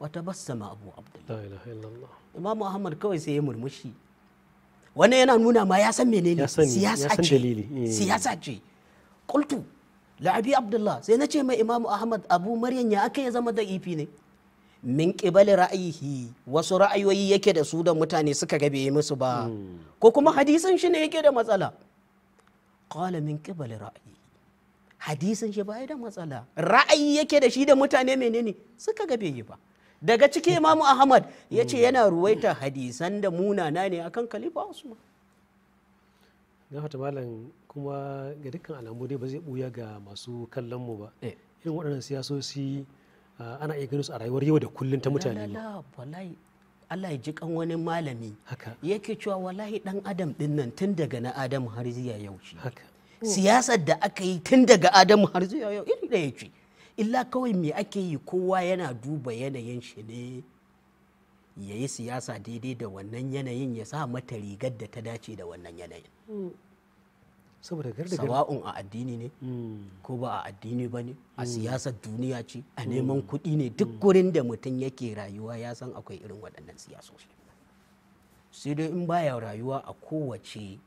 Speaker 2: wata bassama abu abdullahi imamu ahmad kawai sai ya murmushi wani yana nuna ma ya san menene siyasa ce eh. siyasa ce qultu la'abi abdullah sai na ce mai imam ahmad abu maryam ya aka ya zama da ifi ne min kibali ra'ayihi wasu ra'ayoyi yake da su da mutane suka gabe musu ba hmm. ko kuma hadisin shi ne yake da matsala qala min kibali ra'ayi hadisin shi bai da matsala ra'ayi yake da shi da mutane menene suka ga bai yi ba daga ciki imamu ahmad ya ce yana ruwaita hadisan da munana ne akan khalifa usman
Speaker 1: na fata malam kuma ga dukkan alamu dai ba zai buya ga masu kallon mu ba eh. irin waɗannan siyasosi ana iya ganin su a rayuwar yau da kullun ta mutane wallahi
Speaker 2: Allah ya ji kan wani malami yake cewa wallahi dan adam din nan tun daga na adam har zuwa yau haka Hmm. siyasar da aka yi tun daga adamu har zuwa yau iri da yake illa kawai me ake yi kowa yana duba yanayin shi ne ya yi siyasa daidai da wannan yanayin ya sa mata rigar da ta dace da wannan yanayin
Speaker 1: hmm. saboda sawa'un
Speaker 2: a addini ne hmm. ko ba a addini ba ne a siyasar duniya ce a neman kuɗi ne duk gurin da mutum yake rayuwa ya san akwai irin waɗannan siyasoshi sai dai in baya rayuwa a kowace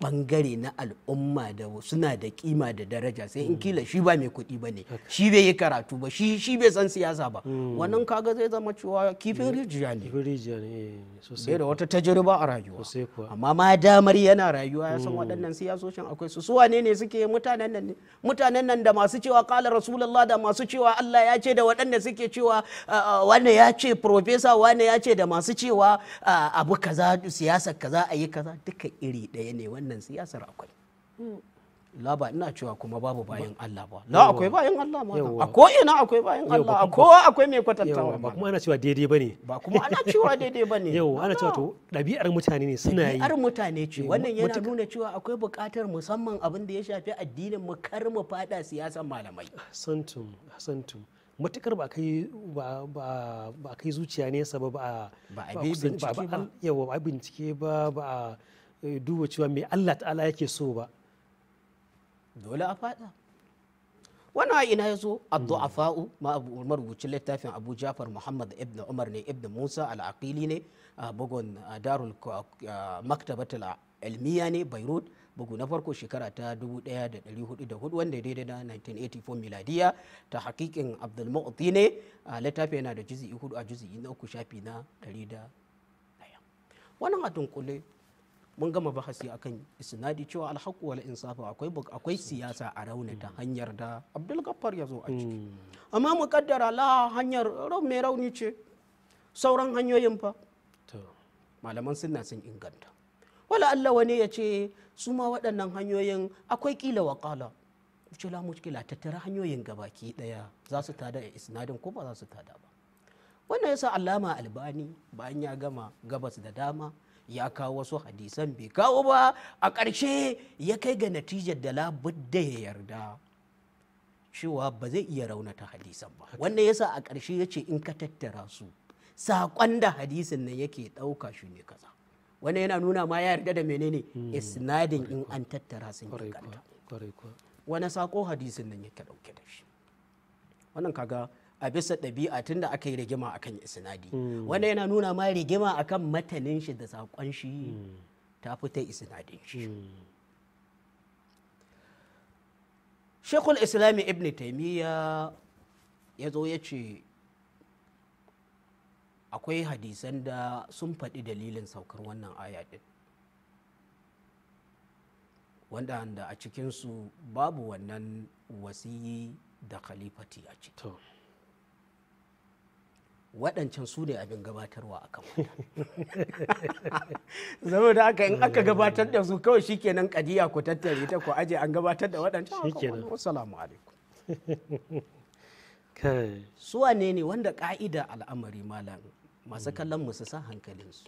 Speaker 2: bangare na al'umma da suna da kima da daraja sai in mm. kila shi ba mai kuɗi ba ne shi bai yi karatu ba shi bai san siyasa ba mm. wannan kaga zai zama cewa kifin mm. rijiya ne eh, sai da wata tajiriba a rayuwa amma ma damar yana rayuwa ya san waɗannan siyasoshin akwai su suwa ne ne suke mutanen nan ne mutanen nan da masu cewa kala rasulullah da masu cewa Allah ya ce da waɗanda suke cewa wani ya ce profesa wani ya ce da masu cewa abu kaza siyasa kaza a yi kaza duka iri ɗaya ne wannan siyasar akwai mm. la ba ina cewa kuma babu bayan Allah ba la akwai bayan Allah ma a ko ina akwai bayan Allah a ko
Speaker 1: akwai mai kwatantawa ba kuma ana cewa daidai bane ba kuma ana cewa daidai bane yau ana cewa to ɗabi'ar mutane ne suna yi dabi'ar mutane ce wannan yana
Speaker 2: nuna cewa akwai buƙatar musamman abin da ya shafi addinin mu kar mu fada siyasar malamai
Speaker 1: santum santum matukar ba kai ba kai zuciya ne sababa. ba a bincike ba ba a bincike ba ba a Eh, duba cewa mai Allah ta'ala yake so ba dole a fada wannan ina ya zo
Speaker 2: abdu'afa'u ma marubucin littafin abu jafar muhammad ibn umar ne ibn musa al'aqili ne a bugun darul maktabatul ilmiya ne beirut bugu na farko shekara ta 1404 wanda daidai na 1984 miladiya ta hakikin Abdul abdulmu'ti ne a littafi yana da jizi hudu a jizi na uku shafi na 100 wannan a dunkule mun gama bahasi akan isnadi cewa alhaku wal insafu akwai akwai siyasa a raunata hmm. hanyar da Abdul Gaffar ya zo a ciki hmm. amma mu kaddara la hanyar mai rauni ce sauran hanyoyin fa malaman sunna sun inganta wala Allah wani ya ce su ma waɗannan hanyoyin akwai kila wa kala ce la mushkila tattara hanyoyin gabaki daya za su tada a isnadin ko ba za su tada ba wannan yasa alama albani bayan ya gama gabas da dama ya kawo wasu hadisan bai kawo ba a ƙarshe ya kai ga natijar da labudda ya yarda cewa ba zai iya raunata hadisan ba wannan yasa a ƙarshe ya ce in ka tattara su saƙon da hadisin nan yake ɗauka shi ne kaza wannan yana nuna ma ya yarda da menene hmm. isnadin in an tattara sun inganta wani saƙo hadisin nan yake ɗauke da shi wannan kaga a bisa ɗabi'a da aka yi rigima akan isnadi
Speaker 3: hmm. wanda
Speaker 2: yana nuna ma rigima akan matanin shi da saƙon shi hmm. ta fita isnadin shi hmm. shekul islami ibn taimiyya ya zo ya ce akwai hadisan da sun faɗi dalilin saukar wannan aya ɗin wanda a cikinsu babu wannan wasiyi da khalifati a ciki waɗancan su ne abin gabatarwa a zama da aka in aka gabatar da su kawai shikenan kadiya ku tattare ta ku aje an gabatar da waɗancan shikenan assalamu alaikum su wane ne wanda ka'ida al'amari malam masu kallon mu su san hankalinsu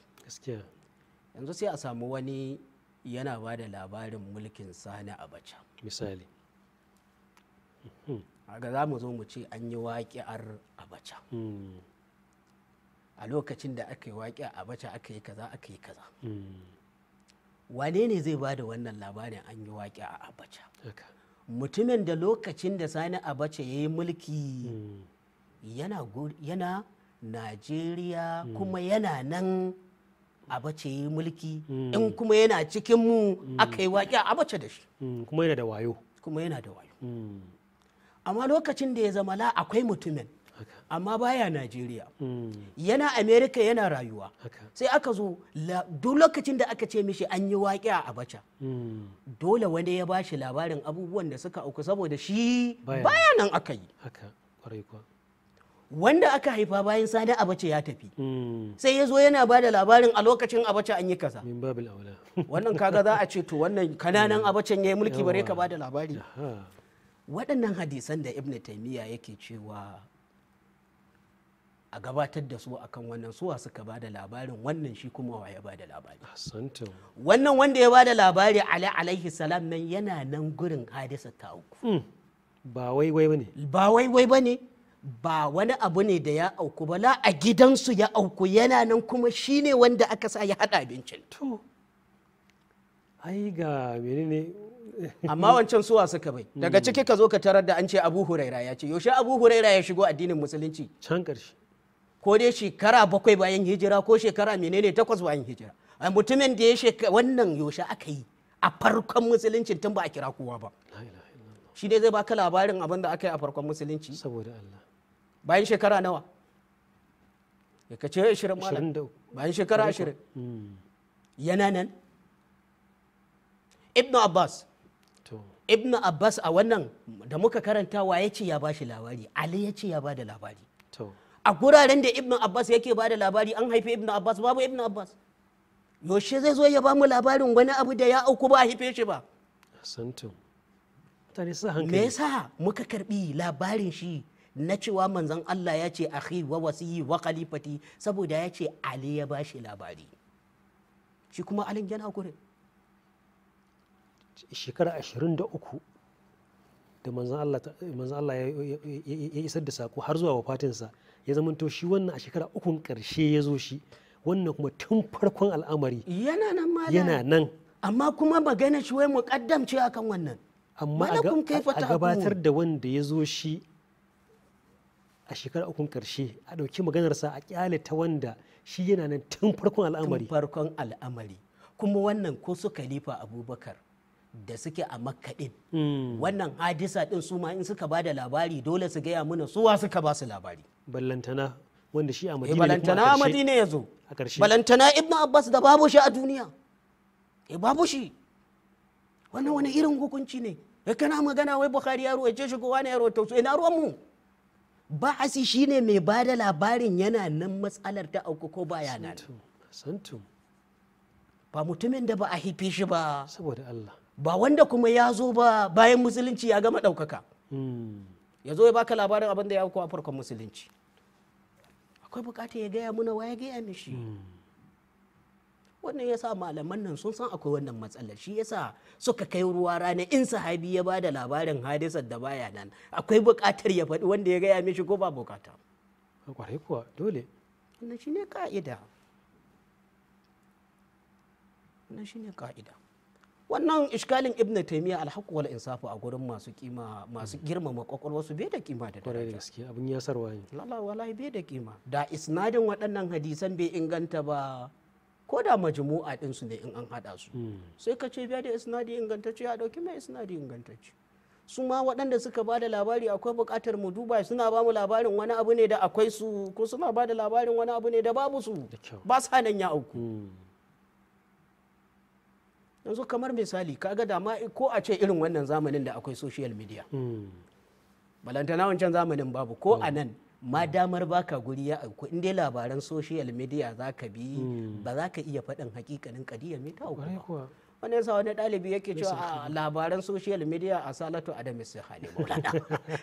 Speaker 2: yanzu sai a samu wani yana ba da labarin mulkin sani a abacha misali ga za mu zo mu ce an yi waƙi'ar abacha hmm. a lokacin da aka yi waƙi a bace aka yi kaza aka yi kaza hmm. wane ne zai ba da wannan labarin an yi waƙi a abacha mutumin da lokacin da sani abacha ya yi mulki hmm. yana najeriya hmm. kuma yana nan abacha ya yi mulki in kuma yana cikin mu aka yi waƙi a abacha da shi
Speaker 1: kuma yana da wayo kuma yana da wayo
Speaker 2: amma lokacin da ya zama la akwai mutumin amma baya najeriya hmm. yana amerika yana rayuwa sai aka zo duk lokacin da aka ce mishi an yi waƙi a abacha hmm. dole wani ya bashi labarin abubuwan da suka auku saboda shi baya nan aka yi wanda aka haifa bayan sani abace ya tafi hmm. sai ya zo yana ba da labarin a lokacin abace an yi kaza wannan kaga za a ce to wannan kananan abacen ya yi mulki bare ka ba da labari waɗannan hadisan da ibn taimiyya yake cewa a gabatar da su akan wannan suwa suka ba da labarin wannan shi kuma wa ya ba da labari wannan wanda ya ba da labari ali alaihi salam nan yana nan gurin hadisa ta uku hmm. ba waiwai bane ba waiwai bane ba wani abu ne da ya auku ba la a gidansu ya auku yana nan kuma shine wanda aka sa ya hada abincin to
Speaker 1: ai ga menene amma wancan suwa suka bai daga hmm. ciki
Speaker 2: ka zo ka tarar da an ce abu huraira ya ce yaushe abu huraira ya shigo addinin musulunci can karshe ko dai shekara bakwai bayan hijira ko shekara menene takwas bayan hijira mutumin da ya shekara wannan yaushe aka yi a farkon musulunci tun ba a kira kowa ba shi dai zai baka labarin abin da aka yi a farkon musulunci saboda Allah bayan shekara nawa ya kace 20 malam bayan shekara 20 hmm. yana nan ibn abbas ibn abbas a wannan da muka karanta ya ce ya ba shi labari ali ya ce ya ba da labari a guraren da ibn abbas yake ba da labari an haife ibn abbas babu ibn abbas yaushe zai zo ya ba mu labarin wani abu da ya auku ba a haife shi ba me yasa muka
Speaker 1: karbi labarin
Speaker 2: shi na cewa manzon Allah ya ce akhi wa wasiyi wa khalifati saboda ya ce ali ya ba
Speaker 1: labari shi kuma alin yana shekara 23 da manzon Allah ya isar da sako har zuwa wa wafatinsa ya zamanto shi wannan a shekara ukun karshe ya zo shi wannan kuma tun farkon al'amari yana
Speaker 2: nan ma yana
Speaker 1: nan amma kuma magana shi wai muqaddam ce akan wannan amma a gabatar da wanda ya zo shi a shekara ukun karshe a ɗauki maganarsa a kyale ta wanda shi yana nan tun farkon al'amari tun farkon al'amari kuma wannan ko su khalifa abubakar da
Speaker 2: suke a makka din
Speaker 3: hmm.
Speaker 1: wannan
Speaker 2: hadisa din su ma in suka ba da labari dole su gaya mana suwa suka ba su labari
Speaker 1: ballantana wanda shi a eh, madina ballantana a madina ya zo ballantana ibn
Speaker 2: abbas da babu shi a duniya e babu shi wannan wani irin hukunci ne ya eh, kana magana wai bukhari ya ce shi ko wani ya ruwa su ina ruwan mu ba'asi shine mai ba da labarin yana nan matsalar ta auku ko baya nan ba mutumin da ba a hifi shi ba saboda Allah ba wanda kuma ya zo ba bayan musulunci ya gama ɗaukaka ya zo ya baka labarin abin da ya a farkon musulunci akwai bukatar ya gaya muna waya gaya mishi wannan yasa malaman nan sun san akwai wannan matsalar shi yasa suka kai ruwa rana in sahabi ya bada labarin hadisar da baya nan akwai bukatar ya faɗi wanda ya gaya mishi ko ba bukata
Speaker 1: kwarai kuwa dole wannan shi ne ka'ida wannan shi ne ka'ida
Speaker 2: wannan iskalin ibn taimiya alhaku wal insafu a gurin masu kima masu mm. girmama kwakwalwarsu bai da kima da daraja gaske
Speaker 1: abin ya sarwa ne
Speaker 2: lalla wallahi bai da kima da isnadin waɗannan hadisan bai inganta ba ko da majmu'a din su ne in an hada su mm. sai ka ce biya da isnadi ingantacce ya dauki mai isnadi ingantacce su ma waɗanda suka ba da labari akwai buƙatar mu duba suna ba mu labarin wani abu ne da akwai su ko suna ba da labarin wani abu ne da babu su ba sa nan ya auku mm. yanzu kamar misali kaga ga ko a ce irin wannan zamanin da akwai social media hmm. balantana wancan zamanin babu ko hmm. a nan ma damar baka guri ya auku in dai labaran social media za ka bi hmm. ba za ka iya faɗin hakikanin kadiya mai ta auku ba wani yasa wani ɗalibi yake cewa a labaran social media a salatu adamis su hali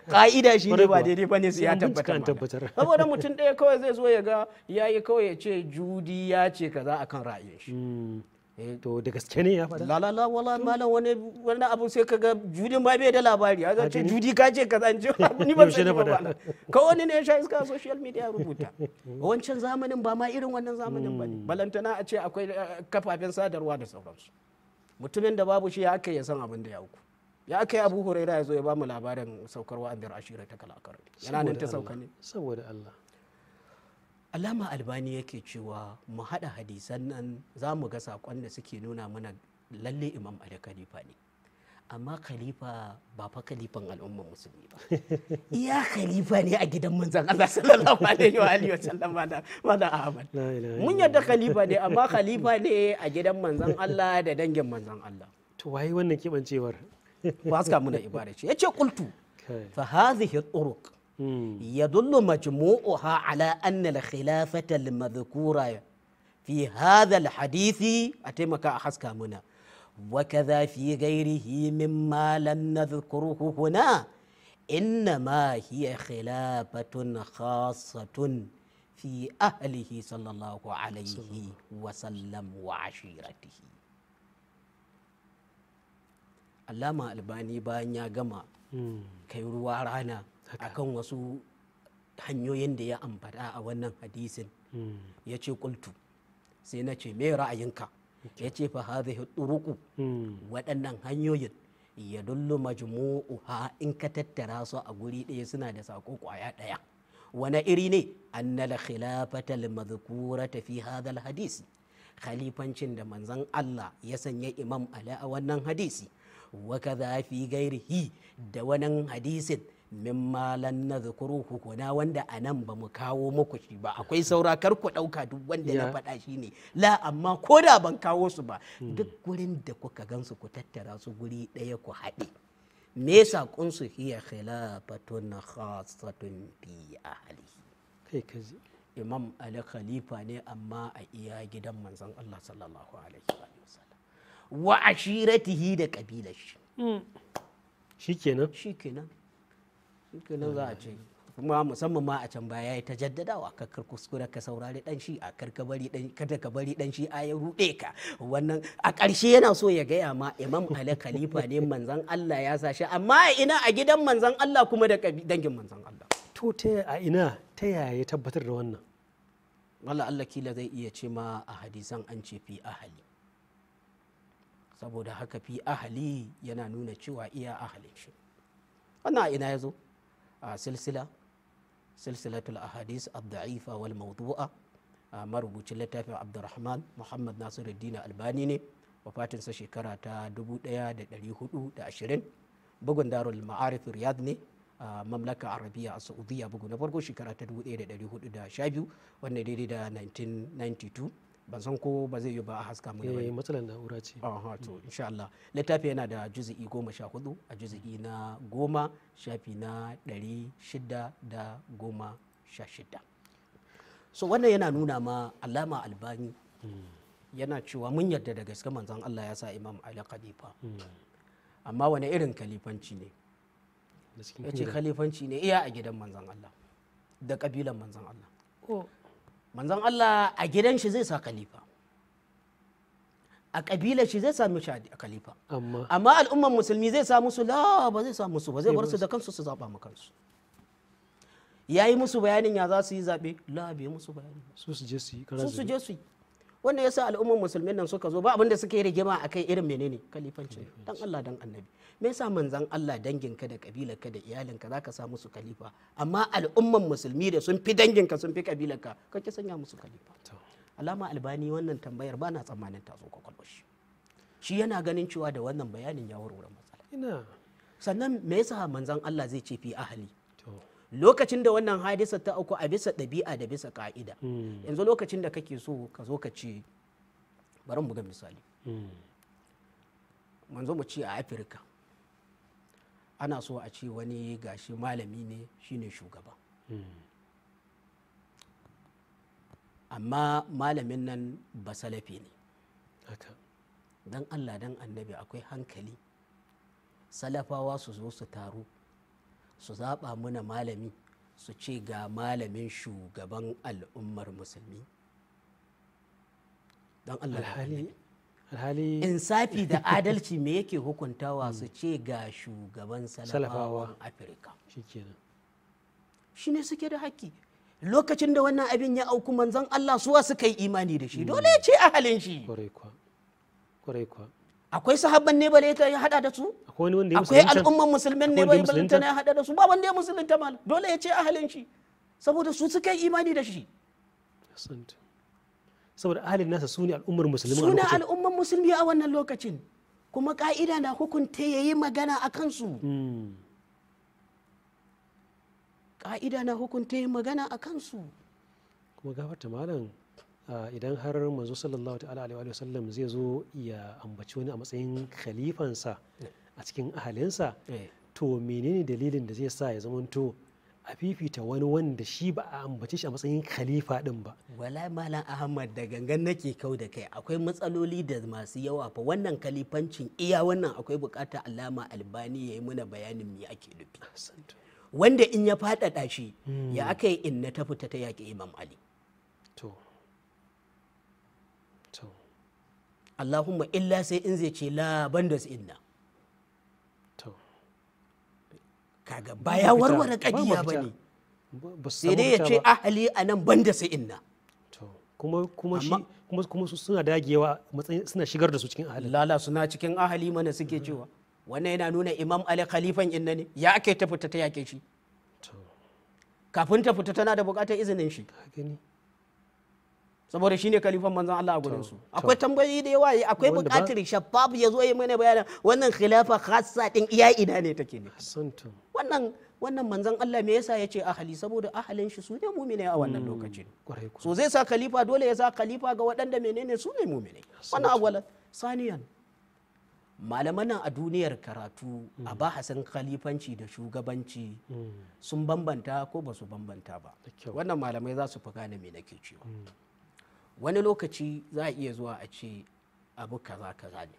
Speaker 3: ka'ida shi ne ba daidai ba ne
Speaker 2: su ya tabbatar saboda mutum ɗaya kawai zai zo ya ga ya yi kawai ya ce judi ya ce kaza akan ra'ayin
Speaker 1: shi Eh, to da gaske ne ya faɗa
Speaker 2: la la wala malam wani wani abu sai kaga judi ba bai da labari a ce judi ka ce ka zance ni ba sai ba ka wani ne ya sha iska social media rubuta wancan zamanin ba ma irin wannan zamanin ba ne hmm. balantana a ce akwai eh, kafafen sadarwa da sauransu mutumin da babu shi ya aka ya san abin da ya uku ya aka yi abu huraira ya zo ya ba mu labarin saukar wa'andir ashira ta kalakar yana nan ta sauka ne saboda Allah alama albani yake cewa mu haɗa hadisan nan za mu ga saƙon da suke nuna mana lalle imam ali khalifa ne amma khalifa ba fa khalifan al'ummar musulmi ba
Speaker 3: iya khalifa
Speaker 2: ne a gidan manzon Allah sallallahu alaihi wa alihi wasallam wala ahmad mun yadda khalifa ne amma khalifa ne a gidan manzon Allah da dangin manzon Allah
Speaker 1: to waye wannan kibancewar ba su muna ibara
Speaker 2: ce yace qultu
Speaker 1: fa hadhihi turuq
Speaker 2: يدل مجموعها على أن الخلافة المذكورة في هذا الحديث أتمك أحسك منا وكذا في غيره مما لم نذكره هنا إنما هي خلافة خاصة في أهله صلى الله عليه وسلم وعشيرته Allama albani bayan ya gama kai ruwa rana akan wasu hanyoyin da ya ambata a wannan hadisin hmm. ya ce kultu sai na ce me ra'ayinka ya ce fa hadhihi turuqu hmm. waɗannan hanyoyin ya dullu ha in ka tattara su a guri ɗaya suna da sako ƙwaya ɗaya wani iri ne annal khilafatal madhkurata fi hadhal hadisi khalifancin da manzon Allah ya sanya imam ala a wannan hadisi wa kadha fi gairihi da wannan hadisin min malan na zukuruhu kuna wanda a nan ba mu kawo muku shi ba akwai saura kar ku ɗauka duk wanda na faɗa shi ne la amma ko da ban kawo su ba hmm. duk gurin da kuka gansu ku tattara su guri ɗaya ku haɗe me su hiya na khasatun fi ahlihi kai kaji imam ali khalifa ne amma a iya gidan manzon Allah sallallahu alaihi wa sallam wa ashiratihi da kabilar shi hmm. shikenan shikenan kenan za a ce kuma musamman ma a can baya ya ta jaddadawa ka kar kuskure ka saurari dan shi a kar ka bari dan kada ka bari dan shi a ya rude ka wannan a ƙarshe yana so ya gaya ma imam ali khalifa ne manzon Allah ya sa shi amma a ina a gidan manzon Allah kuma da dangin manzon Allah
Speaker 1: to ta a ina ta yaya ya tabbatar da wannan wala Allah kila zai iya ce ma
Speaker 2: a hadisan an ce fi ahali saboda haka fi ahali yana nuna cewa iya ahalin shi wannan a ina ya zo a silsila silsilatul ahadis ad-da'ifa wal mawdu'a marubucin littafin abdurrahman muhammad nasiruddin albani ne wafatinsa shekara ta 1420 bugun darul ma'arif riyad ne a mamlaka arabiya a saudiya bugu na farko shekara ta 1412 wanda daidai da 1992 ban san ko ba zai yi ba a haska mu ne eh, matsalar na'ura ce to insha Allah littafi yana da juzu'i goma sha hudu a juzu'i na goma shafi na ɗari shida da goma sha shida so wannan yana nuna ma alama albani hmm. yana cewa mun yarda da gaske manzon Allah ya sa imam Ali khalifa hmm. amma wani irin khalifanci ne ya ce khalifanci ne iya a gidan manzon Allah da kabilan manzon Allah oh. manzon Allah a gidan shi zai sa khalifa a kabila shi zai sa shi a khalifa amma al'umman musulmi zai sa musu la ba zai sa musu ba zai bar su da kansu su zaba ma kansu ya yi musu bayanin ya za su yi zaɓe la bai musu bayanin
Speaker 1: su su je su yi su su
Speaker 2: je su yi wannan yasa al'umman musulmin nan suka zo ba abin da suke rigima a kai irin menene kalifancin dan Allah dan annabi me yasa manzan Allah dangin ka da kabilarka da iyalinka zaka sa musu kalifa amma al'umman musulmi da sun fi danginka sun fi kabilarka ki sanya musu kalifa alama albani wannan tambayar ba na tsammanin ta zo kwakwalwa shi shi yana ganin cewa da wannan bayanin ya warware matsala sannan me yasa manzan Allah zai ce fi ahli lokacin da wannan hadisa ta auku a bisa ɗabi'a da bisa ka'ida hmm. yanzu lokacin da kake so ka zo ka ce bari mu ga misali hmm. manzo mu ce a afirka ana so a ce wani gashi malami ne shine shugaba hmm. amma malamin nan ba salafi ne don allah don annabi akwai hankali salafawa su zo su taru su zaɓa muna malami su ce ga malamin shugaban al'ummar musulmi don allah alhali insafi da adalci me yake hukuntawa hmm. su ce ga shugaban salafawan afirka shi ne suke da haƙƙi lokacin da wannan abin ya auku manzon allah suwa suka yi imani da shi hmm. dole ya ce ahalin shi akwai sahabban ne bale ta hada da su
Speaker 1: akwai al'umman musulmin ne bale ta ne hada
Speaker 2: da su ba wanda ya musulunta mal dole ya ce ahalin shi saboda su suka yi imani da shi
Speaker 1: saboda ahalin nasa su ne al'ummar musulmi su ne
Speaker 2: al'ummar musulmi a wannan lokacin kuma ka'ida na hukunta ya yi magana a kansu hmm. ka'ida na hukunta ya yi magana a kansu
Speaker 1: kuma gafarta malam idan har manzo sallallahu alaihi wa sallam zai zo ya ambaci wani a matsayin khalifansa a cikin ahalinsa eh. to menene dalilin da zai sa ya zamanto a fifita wani wanda shi ba a ambaci shi a matsayin khalifa din ba wala malam ahmad da gangan
Speaker 2: nake kau da kai akwai matsaloli da masu yawa fa wannan khalifancin iya wannan akwai bukatar alama albani yayi muna bayanin me ake nufi wanda in ya faɗaɗa shi hmm. ya aka yi in na ta fita ta yaki imam ali Allahumma illa sai in zai ce la banda su inna kaga ba ya warware kadiya ba ne
Speaker 1: sai dai ya ce ahali a nan banda su inna kuma kuma shi kuma
Speaker 2: kuma su suna dagewa matsayin suna shigar da su cikin ahali lala suna cikin ahali mana suke cewa wannan yana nuna imam ali khalifan inna ne ya ake ta fita ta yake shi kafin ta fita tana da bukatar izinin shi saboda shine kalifan manzon Allah a
Speaker 1: gurin su akwai
Speaker 2: tambayoyi da yawa akwai bukatar shabab ya zo ya mana bayanan wannan khilafa khassa din iya ina ne take ne wannan wannan manzon Allah me yasa yace ahali saboda ahalin shi su ne mu'mini a wannan hmm, lokacin so zai sa khalifa dole ya sa khalifa ga waɗanda menene su ne mu'mini wannan awwalan saniyan malaman a duniyar karatu a hmm. bahasin khalifanci da shugabanci hmm. sun bambanta ko ba su bambanta ba wannan malamai za su fi gane me nake cewa wani lokaci za a iya zuwa a ce abu kaza kaza ne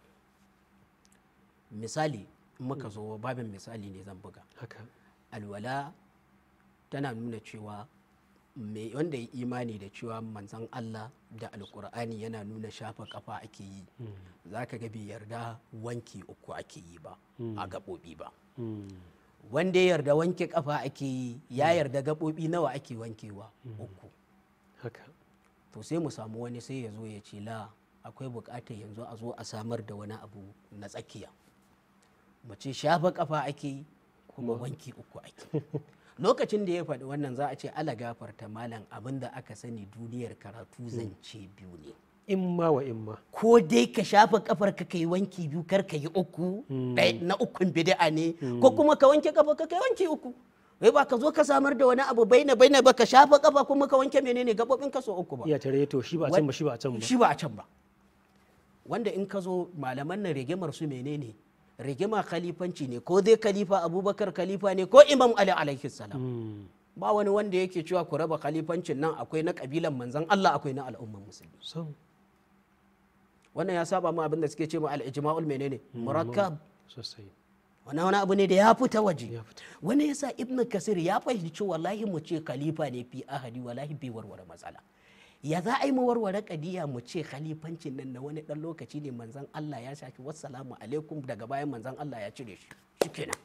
Speaker 2: misali muka zo babin misali ne zan buga alwala tana nuna cewa mai wanda ya imani da cewa manzan Allah da alkur'ani yana nuna shafa kafa ake yi hmm. za ka gabi yarda wanki uku ake yi ba a hmm. gaɓoɓi ba hmm. wanda ya yarda wanke kafa ake yi ya yarda gaɓoɓi nawa ake wankewa uku to sai mu samu wani sai ya zo ya ce la akwai buƙatar yanzu a zo a samar da wani abu na tsakiya mace shafa kafa ake kuma wanki uku ake lokacin da ya faɗi wannan za a ce ala gafarta malam abin da aka sani duniyar karatu hmm. zance biyu ne imma wa imma ko dai ka shafa kafar ka kai wanki biyu kar ka yi uku hmm. na ukun bid'a ne hmm. ko kuma ka wanke kafar ka kai wanki uku wai ba ka zo ka samar da wani abu bai na bai ba ka shafa kafa kuma ka wanke menene gabobin ka so uku
Speaker 1: ba iya tare to shi ba can ba shi ba can ba shi
Speaker 2: ba can ba wanda in ka zo malaman nan rigimar su menene rigima khalifanci ne ko dai khalifa abubakar khalifa ne ko imam ali alaihi salam hmm. ba wani wanda yake cewa ku raba khalifancin nan akwai na kabilan manzan Allah akwai na al'umman musulmi wannan ya saba mu abin da suke ce mu al-ijma'ul menene hmm. murakkab sosai wani wani abu ne da ya fita waje wani yasa Ibn kasir ya fahimci wallahi mu ce khalifa ne fi ahadi wallahi bai warware matsala ya za a yi warware kadiya mu ce khalifancin nan na wani dan lokaci ne manzon Allah ya shafi wassalamu alaikum daga bayan manzon Allah ya cire shi shikenan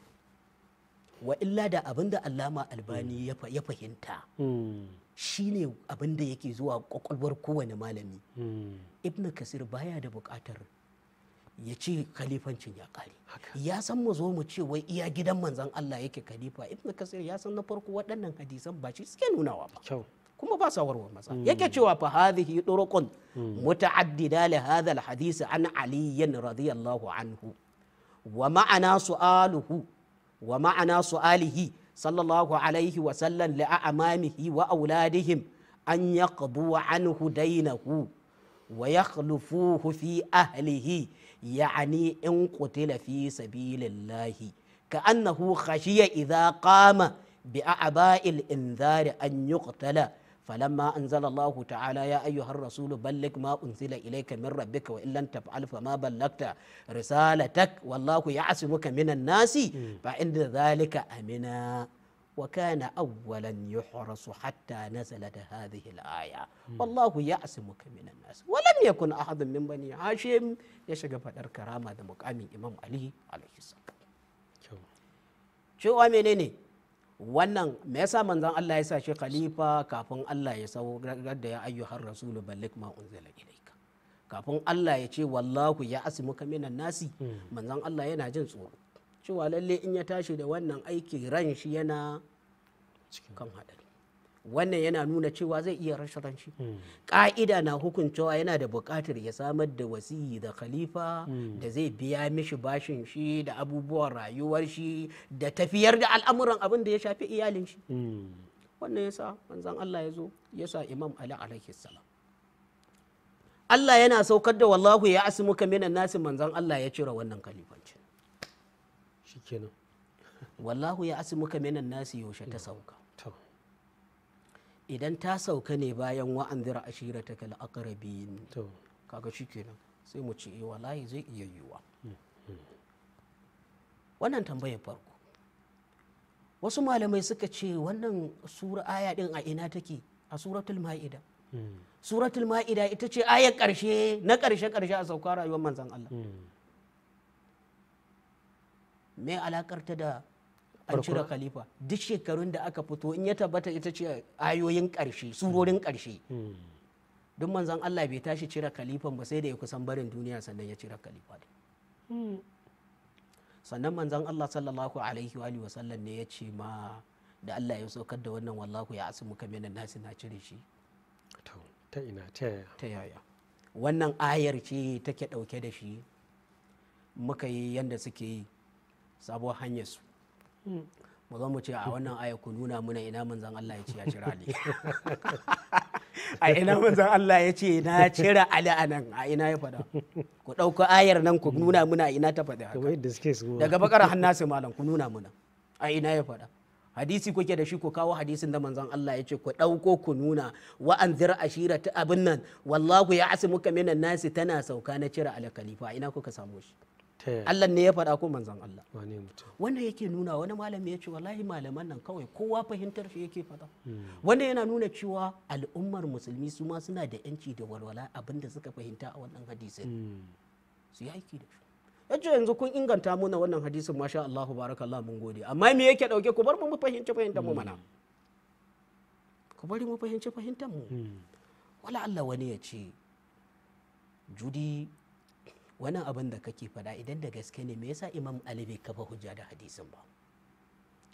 Speaker 2: wa illa da abinda Allama Albani ya fahimta Shi hmm. shine abinda yake zuwa kwakwalwar kowane malami hmm. Ibn kasir baya da bukatar ya ce khalifancin ya kare ya san mu zo mu ce wai iya gidan manzon Allah yake khalifa ibn kasir ya san na farko waɗannan hadisan ba shi suke nunawa ba kuma ba sa warwar masa hmm. yake cewa fa hadhihi turuqun hmm. muta'addida li hadha alhadith an ali radiyallahu anhu wa ma'ana su'aluhu wa ma'ana su'alihi sallallahu alaihi wa sallam li amamihi wa auladihim an yaqdu anhu dainahu wa yakhlufuhu fi ahlihi يعني إن قتل في سبيل الله كأنه خشي إذا قام بأعباء الإنذار أن يقتل فلما أنزل الله تعالى يا أيها الرسول بلغ ما أنزل إليك من ربك وإن لم تفعل فما بلغت رسالتك والله يعصمك من الناس فعند ذلك أمنا وكان أولا يحرس حتى نزلت هذه الآية والله يعصمك من الناس ولم يكن أحد من بني هاشم يشغى فدر كرامة مقام إمام علي عليه السلام cewa menene wannan me yasa manzon Allah ya sa shi khalifa kafin Allah ya sau da ya ayyuhar rasulu ballik ma unzila ilaika kafin Allah ya ce wallahu ya asimuka minan nasi manzon Allah yana jin tsoro cewa lalle in ya tashi da wannan aiki ran shi yana kan haɗari wannan yana nuna cewa zai iya rashin ranshi hmm. ƙa'ida na hukuncewa yana da buƙatar ya samar da wasiyi da khalifa hmm. da zai biya mishi bashin shi da abubuwan rayuwar shi da tafiyar da al'amuran abin da ya shafi iyalin shi hmm. wannan yasa manzon Allah ya zo yasa imam ali alaihi salam Allah yana saukar da wallahu ya asmuka minan nasi manzon Allah ya cire wannan khalifanci shikenan wallahu ya muka minan nasi yaushe ta sauka idan ta sauka ne bayan wa'anzira ashirataka al-aqrabin to kaga shikenan sai mu ce eh, wallahi zai iya yiwa
Speaker 3: mm, mm.
Speaker 2: wannan tambayar farko wasu malamai suka ce wannan sura aya din a ina take a suratul ma'ida mm. suratul ma'ida ita ce ayar karshe na karshe karshe a sauka rayuwar manzon Allah me alakar ta da an cire khalifa duk shekarun da aka fito in ya tabbata ita ce ayoyin karshe surorin karshe hmm. duk manzon Allah bai tashi cire khalifan ba sai da ya kusan barin duniya sannan ya cire khalifa hmm. sannan manzon Allah sallallahu alaihi wa alihi wasallam ne ya ce ma da Allah ya saukar da wannan wallahu ya asu muka minan nasi na cire shi
Speaker 1: ta ina ta yaya
Speaker 2: ta yaya wannan ayar ce take dauke da shi muka yi yanda suke yi sabuwar hanyar su mu zo mu ce a wannan aya ku nuna muna ina zan Allah ya ce ya cira ali a ina zan Allah ya ce na cira ali a nan a ina ya faɗa ku ɗauko ayar nan ku nuna muna ina ta faɗa daga bakar hannasu malam ku nuna muna a ina ya faɗa hadisi kuke da shi ku kawo hadisin da manzon Allah ya ce ku ɗauko ku nuna wa anzir ashira ta abin nan wallahu ya asimuka minan nasi tana sauka na cire alkalifa ina kuka samu shi Allah ne ya faɗa ko manzon Allah wannan yake nuna wani malami ya ce wallahi malaman nan kawai kowa fahimtar shi yake faɗa hmm. wanda yana nuna cewa al'ummar musulmi su ma suna da yanci da walwala abinda suka fahimta a wannan hadisin hmm. su yi aiki da shi ce yanzu kun inganta muna wannan hadisin masha Allah baraka Allah mun gode amma me yake ɗauke ku bar mu fahimci fahimtar mu hmm. mana ku bari mu fahimci fahimtar mu wala Allah wani ya ce judi wannan abin da kake faɗa idan da gaske ne me yasa imam ali bai kafa hujja da hadisin ba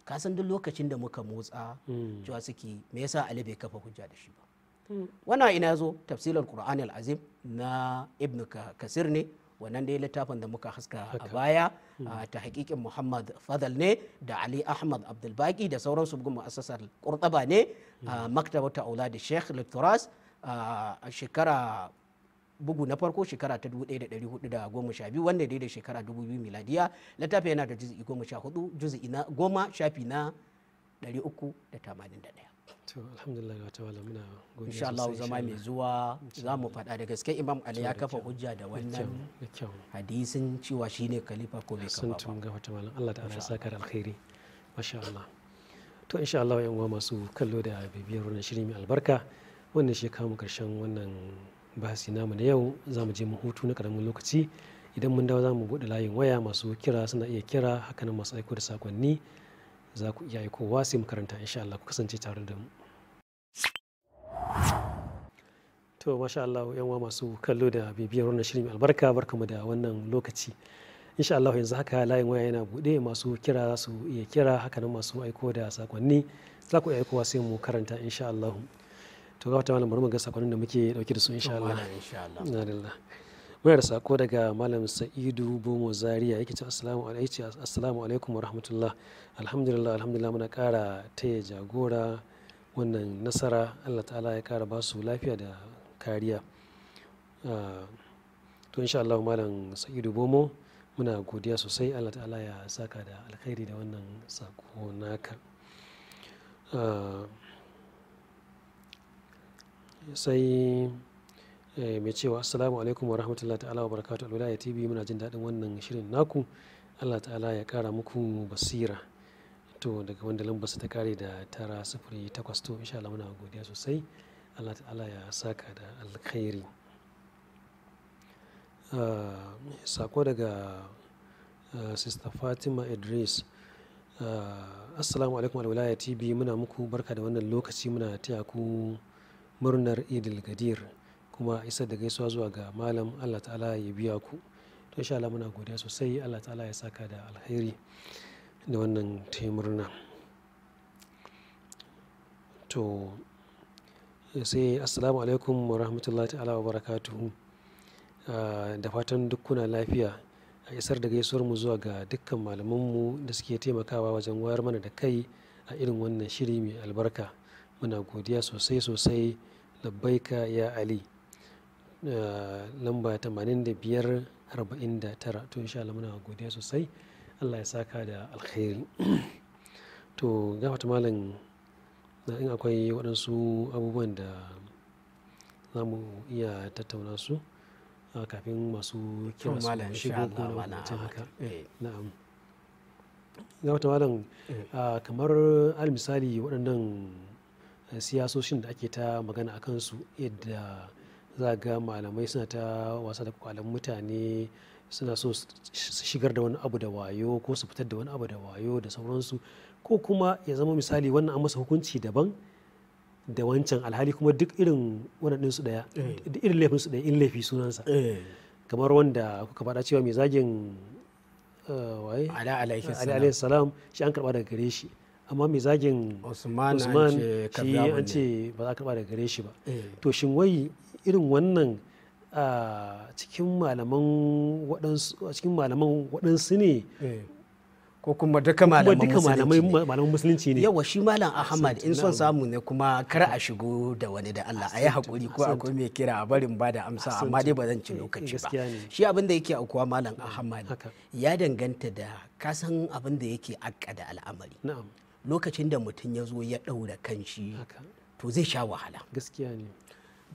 Speaker 2: ka san duk lokacin da muka motsa hmm. cewa suke me yasa ali bai kafa hujja da shi ba hmm. wana ina zo tafsirar qur'ani al-azim na ibnu kasir ne wannan dai littafin da muka haska a baya hmm. ta hakikin muhammad fadal ne da ali ahmad abdulbaki da sauran su bugun mu'assasar kurtaba ne maktaba ta aula da sheikh littoras a shekara bugu na farko shekara ta 1412 wanda dai da shekara 2000 miladiya littafin yana da juz'i 14 juz'i na goma shafi na 381
Speaker 1: to alhamdulillah wata wala muna godiya insha Allah zama mai zuwa za mu
Speaker 2: faɗa da gaske
Speaker 1: imam ali ya kafa hujja da wannan hadisin cewa shine khalifa ko bai kafa sun ga wata malam Allah ta'ala saka da alkhairi masha Allah to insha Allah yan uwa masu kallo da bibiyar wannan shiri mai albarka wannan shi kawo karshen wannan bahasi namu na yau za mu je mu hutu na karamin lokaci idan mun dawo za mu buɗe layin waya masu kira suna iya kira hakanan masu aiko da sakonni za ku iya aiko wasu mu insha Allah ku kasance tare da mu to masha Allah yan masu kallo da bibiyar wannan shirin albarka barkamu da wannan lokaci insha Allah yanzu haka layin waya yana buɗe masu kira za su iya kira hakanan masu aiko da sakonni za ku iya aikowa sai mu karanta insha Allah to ga malam bari mu ga sakonin da muke dauke da su insha Allah muna da sako daga malam sa'idu bomo zaria yake ce assalamu alaikum wa rahmatullah alhamdulillah alhamdulillah muna kara taya jagora wannan nasara allah ta'ala ya kara basu lafiya da kariya ah, to insha Allah malam sa'idu bomo muna godiya sosai allah ta'ala ya saka da alkhairi da wannan sako naka ah, sai eh, mai cewa assalamu alaikum wa rahmatullahi ta'ala wa barakatu alwilaya tv muna jin daɗin wannan shirin naku allah ta'ala ya ƙara muku basira to daga wanda lambar ta kare da tara sufuri takwas to insha Allah muna godiya sosai allah ta'ala ya saka da alkhairi ah, sako daga ah, sista fatima idris ah, assalamu alaikum alwilaya tv muna muku barka da wannan lokaci muna taya ku murnar idil gadir kuma isa da gaisuwa zuwa ga malam allah ta'ala ya biya ku to insha Allah muna godiya sosai allah ta'ala ya saka da alheri da wannan taimurna to sai assalamu alaikum wa rahmatullahi ta'ala wa barakatuhu ah, da fatan dukkuna lafiya a isar da gaisuwar mu zuwa ga dukkan malamanmu da suke taimakawa wajen wayar mana da kai a irin wannan shiri mai albarka muna godiya sosai sosai labbaika ya ali eh, lamba 8549 to insha Allah muna godiya sosai Allah ya saka da alkhairi to ga gafata malam na in akwai waɗansu abubuwan da za mu iya tattauna su kafin masu kira su shigo ko na wajen haka eh. na'am wata malam eh. kamar alisali misali waɗannan siyasoshin da ake ta magana a kansu yadda za ga malamai suna ta wasa da kwalan mutane suna so su shigar da wani abu da wayo ko su fitar da wani abu da wayo da sauransu ko kuma ya zama misali wannan an masa hukunci daban da wancan alhali kuma duk irin wannan daya eh. da irin laifin daya in laifi sunansa eh. kamar wanda kuka faɗa cewa mai zagin eh, waye ala alaihi salam shi an karba daga gare shi amma mai zagin usman shi an ce ba za a karba daga gare shi ba eh. to shin wai irin wannan a cikin malaman waɗansu ne eh. ko kuma duka malaman musulunci ne yawa shi malam ahmad in son samu ne
Speaker 2: kuma kar a shigo da wani da allah a yi hakuri ko akwai mai kira a barin ba da amsa amma dai ba zan ci eh, lokaci ba shi abin da yake aukuwa malam ahmad ya danganta da kasan abin da yake akka da al'amari lokacin da mutum ya zo ya ɗaura kanshi to zai sha wahala gaskiya ne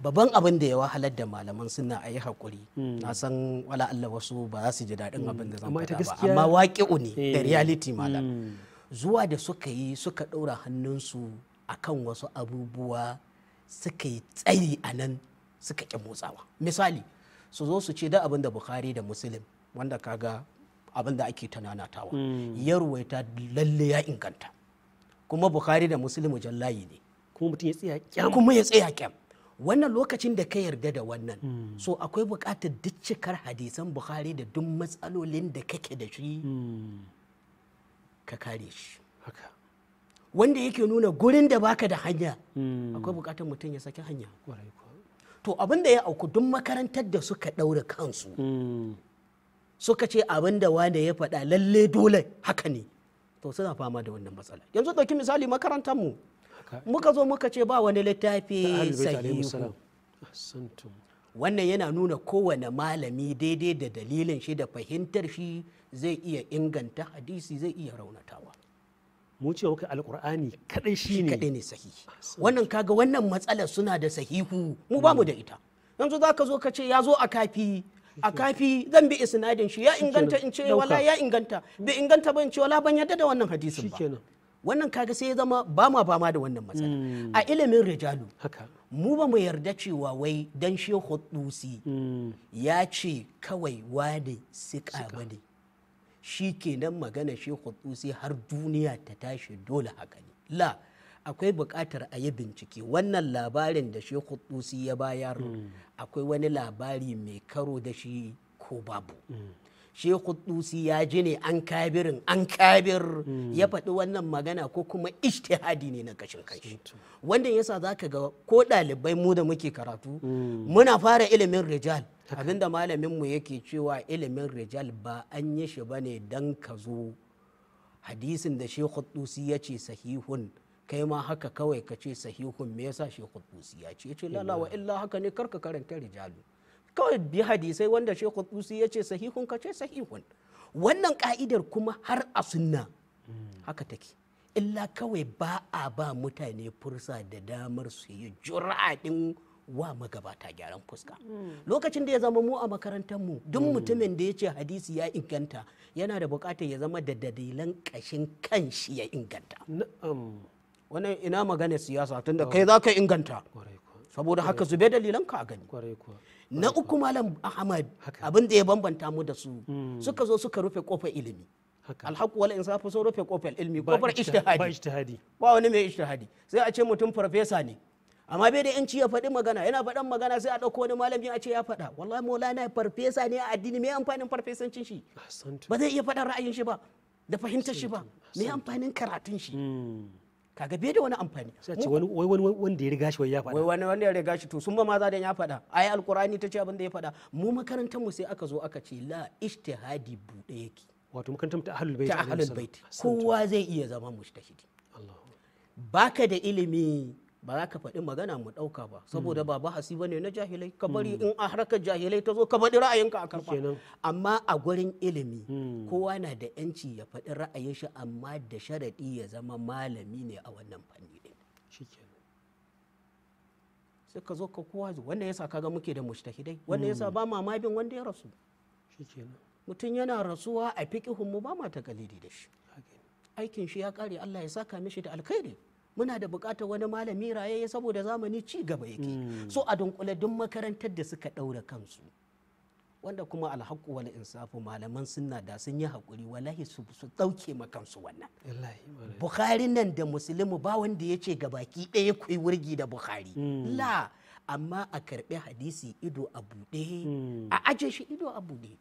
Speaker 2: babban abin da ya wahalar da malaman suna a yi haƙuri hmm. na san wala Allah wasu ba za su ji daɗin abin da zan hmm. faɗa ba amma waƙi'u ne da eh. reality malam hmm. zuwa da suka yi suka ɗaura hannunsu a kan wasu abubuwa suka yi tsayi a nan suka ƙi motsawa misali su zo su ce da abin da bukhari da muslim wanda kaga abin da ake tananatawa ya ruwaita lalle ya inganta kuma bukhari da muslim mujallayi ne kuma mutum ya tsaya kyam kuma ya tsaya kyam wannan lokacin da ka yarda da wannan hmm. so akwai bukatar duk hadisan bukhari da duk matsalolin da kake da shi hmm. ka kare shi wanda yake nuna gurin da baka da hanya hmm. akwai bukatar mutum ya saki hanya to abin da ya auku duk makarantar da suka ɗaura kansu suka ce abin da wanda ya faɗa lalle dole haka ne to suna fama da wannan matsala yanzu ɗauki misali makarantar mu muka zo muka ce ba wani littafi sahihu wannan yana nuna kowane malami daidai da dalilin shi da fahimtar shi zai iya inganta hadisi zai iya raunatawa mu ce wuka alkur'ani kadai shi ne kadai ne sahihi wannan kaga wannan matsalar suna da sahihu mu ba mu da ita yanzu za ka zo ka ce ya zo a kafi a kafi zan bi isnadin shi ya inganta in ce wala ya inganta bai inganta ba in ce wala ban yadda da wannan hadisin ba wannan kaga sai ya zama ba ma ba ma da wannan matsala hmm. a ilimin rijalu mu ba mu yarda cewa wai dan shehu dusi hmm. ya ce kawai wani sika bane shi kenan magana shehu dusi har duniya ta tashi dole haka ne la akwai buƙatar a yi bincike wannan labarin da shi kudusi ya bayar mm. akwai wani labari mai karo da shi ko babu mm. shi kudusi ya ji ne an kabirin an kabir mm. ya faɗi wannan magana ko kuma ishtihadi ne na kashin kanshi wanda yasa za ka ga ko ɗalibai mu da muke karatu muna fara ilimin rijal abinda malaminmu yake cewa ilimin rijal ba an yi shi ba ne don ka zo hadisin da shi kudusi ya ce sahihun kai ma haka kawai ka ce sahihun me yasa shekul tusi ya ce ce lala lalawa illa haka ne karka karanta rijalu kawai bi hadisai wanda shekul tusi ya ce sahihun ka ce sahihun wannan ka'idar kuma har a sunna haka take illa kawai ba a ba mutane fursa da damar su yi din wa magabata gyaran fuska lokacin da ya zama mu a makarantar mu duk mutumin da ya ce hadisi ya inganta yana da bukatar ya zama da dalilan kashin kanshi ya inganta wannan ina magana siyasa tunda kai za ka inganta saboda haka zube dalilan a gani na uku malam ahmad abin da ya bambanta mu da su hmm. suka zo suka rufe kofar ilimi alhaku wala in insafu sun rufe kofar ilimi kofar ijtihadi ba wani mai ijtihadi sai a ce mutum farfesa ne amma bai da yanci ya faɗi magana yana faɗan magana sai a ɗauko wani malami a ce ya faɗa wallahi maulana farfesa ne a addini mai amfanin farfesancin shi ba zai iya faɗan ra'ayin shi ba da fahimtar shi ba mai amfanin karatun shi hmm. kaga bai da wani amfani sai wani wai
Speaker 1: wani wanda ya riga shi
Speaker 2: wai ya faɗa wai wani wanda ya riga shi to sun ba maza da ya faɗa ayi alqur'ani tace abin da ya faɗa mu makarantar mu sai aka zo aka ce la ijtihadi bude yake wato makarantar ta ahlul bait ta ahlul bait kowa zai iya zama mujtahidi baka da ilimi ba za ka faɗi magana mu ɗauka ba hmm. saboda ba bahasi ne na jahilai ka bari hmm. in a harkar jahilai ta zo ka faɗi ra'ayinka a karfa amma a gurin ilimi hmm. kowa na da yanci ya faɗi ra'ayin shi amma da sharaɗi ya zama malami ne a wannan fanni ɗin sai ka zo ka kowa wanda yasa kaga muke da mushtahidai ya yasa ba ma bin wanda ya rasu mutum yana rasuwa a fiƙihun mu ba ma ta da shi aikin shi ya ƙare Allah ya saka mishi da alkhairi muna da buƙatar wani malami rayayye saboda zamani ci gaba yake hmm. so a dunkule duk makarantar da suka ɗaura kansu wanda kuma alhaku wal insafu malaman sunna da sun yi hakuri wallahi su su dauke ma kansu wannan bukhari nan da musulmi ba wanda ya ce gabaki ɗaya ku wurgi da bukhari hmm. la amma a karɓi hadisi ido a buɗe hmm. a aje shi ido a buɗe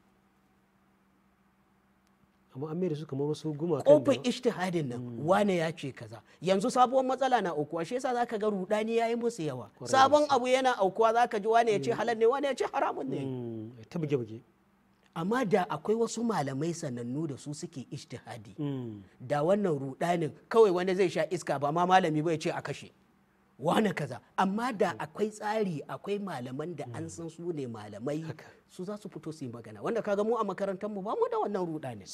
Speaker 1: amma an da su kamar wasu gumaka kofin
Speaker 2: ijtihadin nan mm. wane ya ce kaza yanzu sabuwar matsala na aukuwa shi yasa zaka ga rudani yayi musu yawa sabon abu yana aukuwa zaka ji wane ya ce mm. halal ne wane ya ce haramun ne mm. ta buge buge amma da akwai wasu malamai sanannu da su suke ijtihadi da wannan rudanin kawai wanda zai sha iska ba ma malami bai ce a kashe wane kaza amma da hmm. akwai tsari akwai malaman da an hmm. san su ne malamai su za su fito su yi magana wanda kaga mu a makarantar mu ba mu da wannan ruɗa ne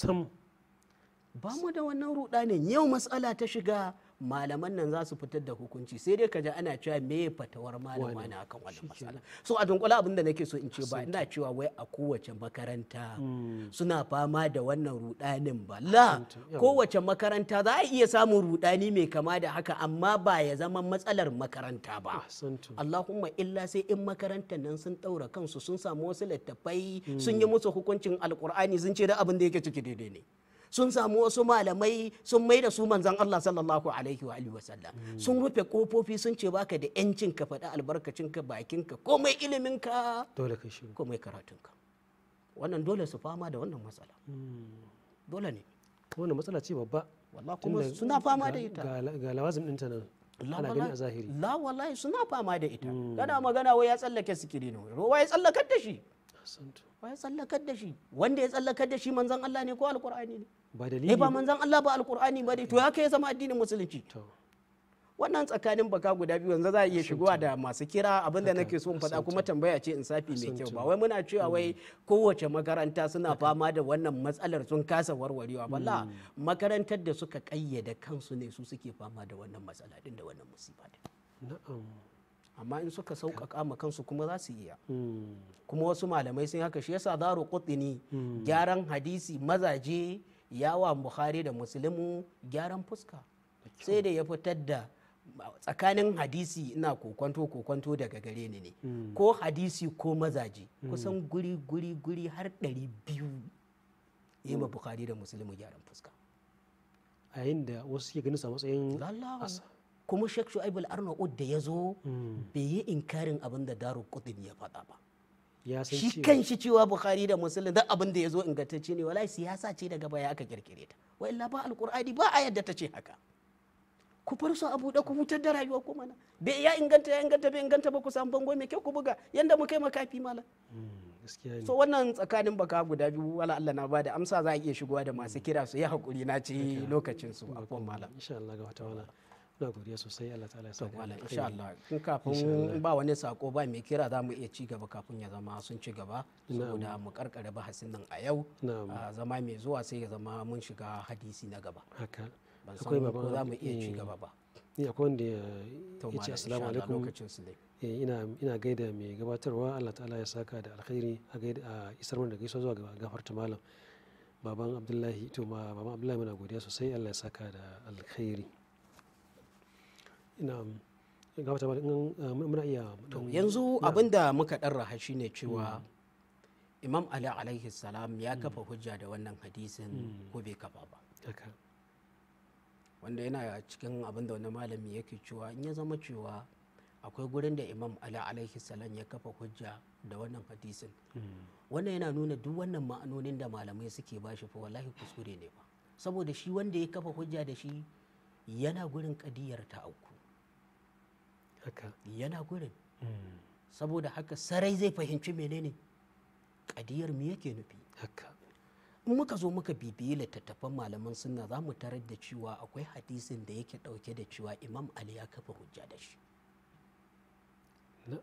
Speaker 2: ba mu da wannan ruɗa yau matsala ta shiga malaman nan za su fitar da hukunci sai dai ka ji ana cewa me fatawar malama na akan wannan matsala so a dunkula abin da nake so in ce ba ina cewa wai a kowace makaranta hmm. suna fama da wannan rudanin ba la kowace makaranta za a iya samun rudani mai kama da haka amma ba ya zama matsalar makaranta ba Allahumma illa sai in makarantar nan sun daura kansu sun samu wasu littattafai sun hmm. yi musu hukuncin alkur'ani sun ce da abin da yake ciki daidai ne sun samu wasu malamai sun mai da su manzan Allah sallallahu alaihi wa alihi wasallam sun rufe kofofi sun ce baka da yancin ka faɗi albarkacin ka bakin ka komai ilimin ka dole ka shi komai karatun
Speaker 1: ka wannan dole su fama da wannan matsala hmm. dole ne wannan matsala ce babba
Speaker 3: wallahi kuma suna fama da ita
Speaker 1: ga lawazim ɗinta nan ana gani a zahiri
Speaker 2: la wallahi suna fama da ita kana hmm. magana wai ya tsallake sikiri ne wai ya tsallakar da shi wai ya tsallakar da shi wanda ya tsallakar da shi manzon Allah ne ko alqur'ani ne ba eh, dalili ba manzon Allah ba alqur'ani ba dai to haka ya zama addinin musulunci wannan tsakanin baka guda biyu yanzu za a iya shigowa da masu kira abinda nake so in faɗa kuma tambaya ce insafi mai kyau ba wai muna cewa mm. wai kowace makaranta suna fama da wannan matsalar sun kasa warwarewa balla mm. makarantar da suka kayyade kansu ne su suke fama da wannan matsala din da wannan musiba din amma in suka sauƙaƙa ma kansu kuma za su iya mm. kuma wasu malamai sun haka shi yasa daru qutni gyaran hadisi mazaje yawa buhari da musulmi gyaran fuska sai da ya fitar da tsakanin hadisi ina kokwanto kokwanto daga gare ni ne hmm. ko hadisi ko mazaji hmm. kusan guri guri guri har ɗari biyu yi ma bukari da musulmi gyaran fuska a da wasu ke ganin sa matsayin kuma shek shu'aib al-arnaud da ya zo hmm. bai yi inkarin abin da daru qutb ya faɗa ba shi kan shi cewa bukhari da musulun duk abin da ya zo ingantacce ne wallahi siyasa ce daga baya aka kirkire ta wa illa ba alqur'ani ba a yadda ta ce haka ku far su abu da ku hutar da rayuwa ku mana Be ya inganta ya inganta be inganta ba ku samu bango mai kyau ku buga yanda mu kai makafi malam
Speaker 1: hmm, so
Speaker 2: wannan tsakanin baka guda biyu wala Allah na bada amsa za a iya shigowa da masu kira su yi hakuri
Speaker 1: na ci lokacin su akwai malam insha Allah ga wata wala na godiya sosai Allah ta'ala ya sa ku alai insha Allah kun kafin
Speaker 2: ba wani sako ba mai kira za mu iya ci gaba kafin ya zama sun ci gaba
Speaker 1: saboda mu
Speaker 2: karkare bahasin nan a yau ah, zama mai zuwa sai ya zama mun shiga hadisi
Speaker 1: na gaba haka ban san za mu iya ci gaba ba ni eh, akwai wanda ya ce assalamu alaikum eh, ina ina gaida mai gabatarwa Allah ta'ala ya saka da alkhairi a gaida a isar wanda gaisuwa zuwa ga gafarta malam baban abdullahi to ma baban abdullahi muna godiya sosai Allah ya saka da alkhairi Eh, muna iya yanzu abinda muka dan shi ne cewa
Speaker 2: imam ali alaihi salam ya mm. kafa hujja da wannan hadisin mm. ko bai kafa ba wanda yana cikin abinda wani malami yake cewa in ya zama cewa akwai gurin da imam ali alaihi salam ya kafa hujja da wannan hadisin mm. wannan yana nuna duk wannan ma'anonin da malamai suke bashi fa wallahi kuskure ne ba saboda shi wanda ya kafa hujja da shi yana gurin kadiyar ta auku yana gurin hmm. saboda haka sarai zai fahimci menene kadiyar me yake nufi in muka zo muka bibiyi littattafan malaman sunna za mu tarar da cewa akwai hadisin da yake dauke da cewa imam ali ya kafa hujja da shi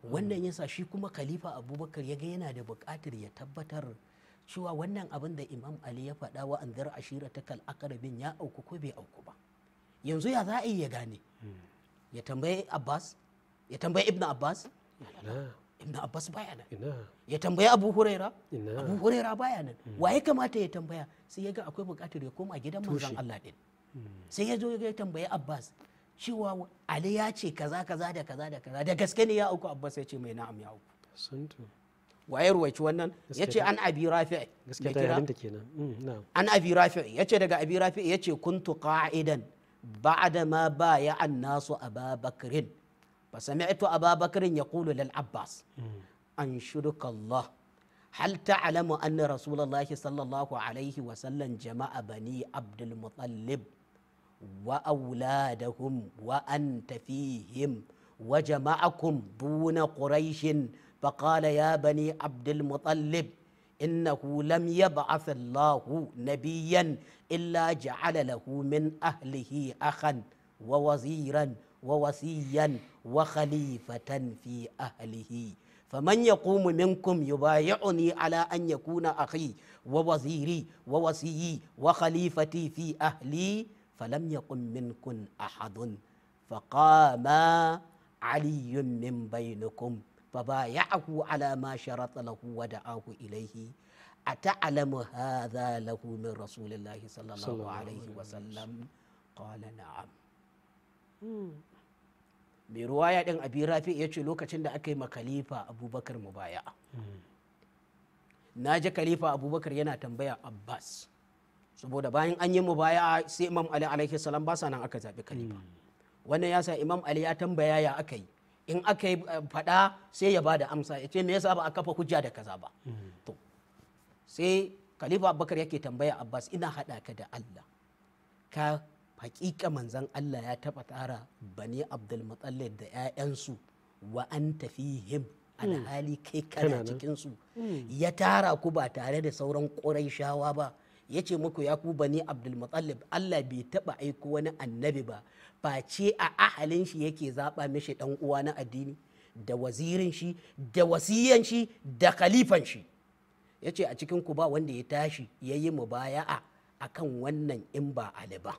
Speaker 2: wannan yasa shi kuma khalifa abubakar ya ga yana da bukatar ya tabbatar cewa wannan abin da imam ali ya faɗa wa an zara ashira ta kal akarabin ya auku ko bai auku ba yanzu ya za a yi ya gane hmm. ya tambaye abbas ya tambayi ibn abbas ibn abbas baya nan ya tambayi abu huraira
Speaker 3: abu huraira baya
Speaker 2: nan hmm. wa ya kamata ya tambaya sai ya ga akwai bukatar ya koma gidan manzon Allah din hmm. sai ya zo ya tambaya abbas cewa ali ya ce kaza kaza da kaza da kaza da gaske ne ya auku abbas ya ce mai na'am ya auku waye ruwaici wannan ya ce an abi rafi'i hmm, an abi rafi'i ya ce daga abi rafi'i ya ce kuntu qa'idan ba'da ma baya an nasu aba bakrin فسمعت أبا بكر يقول للعباس أنشدك الله هل تعلم أن رسول الله صلى الله عليه وسلم جمع بني عبد المطلب وأولادهم وأنت فيهم وجمعكم دون قريش فقال يا بني عبد المطلب إنه لم يبعث الله نبيا إلا جعل له من أهله أخا ووزيرا ووصيا وخليفة في أهله فمن يقوم منكم يبايعني على أن يكون أخي ووزيري ووصي وخليفتي في أهلي فلم يقم منكم أحد فقام علي من بينكم فبايعه على ما شرط له ودعاه إليه أتعلم هذا له من رسول الله, صلى الله عليه وسلم قال نعم mai ruwaya din abi rafi ya ce lokacin da aka yi ma khalifa abubakar mu baya. na ji khalifa abubakar yana tambaya abbas saboda bayan an yi mu baya sai imam ali alaihi salam ba sa nan aka zaɓi khalifa wannan ya sa imam ali ya tambaya ya aka yi in aka yi eh, faɗa sai ya bada amsa ya ce me yasa ba a kafa hujja da kaza ba to sai khalifa abubakar yake tambaya abbas ina haɗa ka da allah ka hakika manzan Allah ya taɓa tara bani abdulmutallib da 'ya'yansu wa an tafi him hmm. alhali kai kana cikinsu hmm. ya tara ku ba tare da sauran shawa ba ya ce muku ya ku bani abdulmutallib Allah bai taɓa aiko wani annabi ba face a ahalin shi yake zaɓa mishi ɗan uwa na addini da wazirin shi da wasiyan shi da khalifan shi ya ce a cikin ku ba wanda ya tashi ya yi mubaya'a akan wannan in ba Ali ba.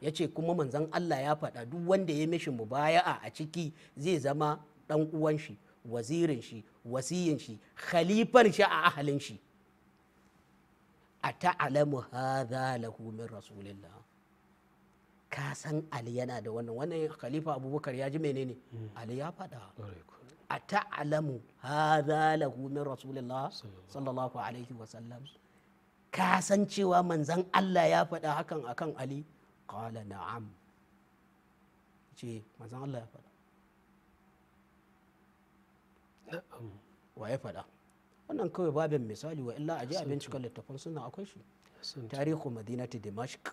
Speaker 2: ya ce kuma manzan Allah ya faɗa duk wanda ya mishi mubaya'a a ciki zai zama ɗan uwan shi wazirin shi wasiyin shi khalifan shi a ahalin shi a ta'alamu hadha lahu min rasulillah ka san ali yana da wannan wannan khalifa abubakar ya ji menene mm. ali ya faɗa a ta'alamu hadha lahu min rasulillah sallallahu alaihi wasallam ka san cewa manzan Allah ya faɗa hakan akan ali qala na'am wannan kawai babin misali wa illa aje a binciken littafin suna akwai shi tarihu madinati dimashq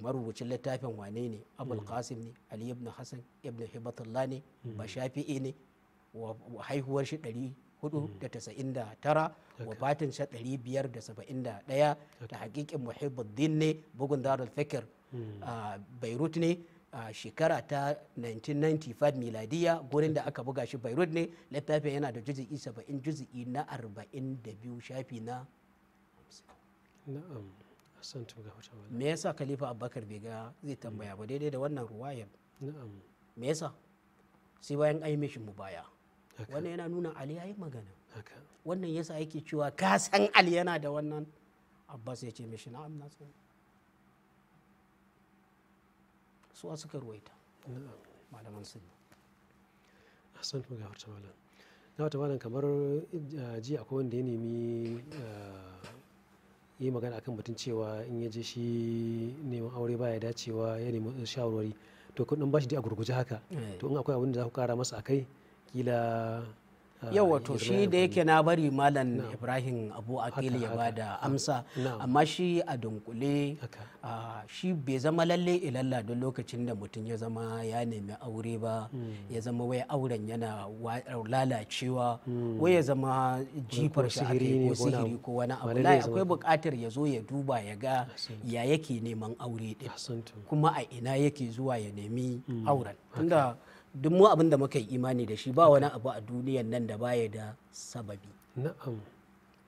Speaker 2: marubucin littafin wane ne abul hmm. qasim ne ali ibn hasan ibn hibatullah ne hmm. ba shafi'i ne haihuwar shi ɗari 499 mm. batin sha 571 da hakikin muhibbuddin ne bugun darul fikir mm. beirut ne a shekara ta 1995 miladiya gurin da aka buga shi beirut ne littafin yana da juzi'i 70 juzi'i na 42 shafi na me yasa khalifa abubakar bai ga zai tambaya mm. ba daidai da wannan ruwayar me yasa sai bayan ai mishi mu baya wannan yana nuna ali ya yi magana wannan yasa yake cewa ka san ali yana da wannan abbas ya ce mishi na'am na sani
Speaker 1: su a suka ruwaita malaman a san kuma harta malam na wata malam kamar eh, ji akwai wanda ya nemi eh, yi magana akan batun cewa in ya je shi neman aure baya dacewa ya nemi shawarwari to kudin bashi dai a gurguje haka eh. to in akwai abin da za ku kara masa akai kila yau ah, wato shi da yake
Speaker 2: na bari malam ibrahim abu akili ya ba da amsa
Speaker 1: amma shi a dunkule
Speaker 2: ah, shi bai zama lalle ilalla don lokacin da mutum ya zama ya nemi aure ba hmm. ya zama wai auren yana lalacewa hmm. wai ya zama jifar shi ko sihiri ko wani abu na akwai bukatar ya zo ya duba ya ga ya yake neman aure din kuma a ina yake zuwa ya nemi hmm. auren tunda duk mu abin da muka yi imani da shi ba wani abu a duniyan nan da baya da sababi na'am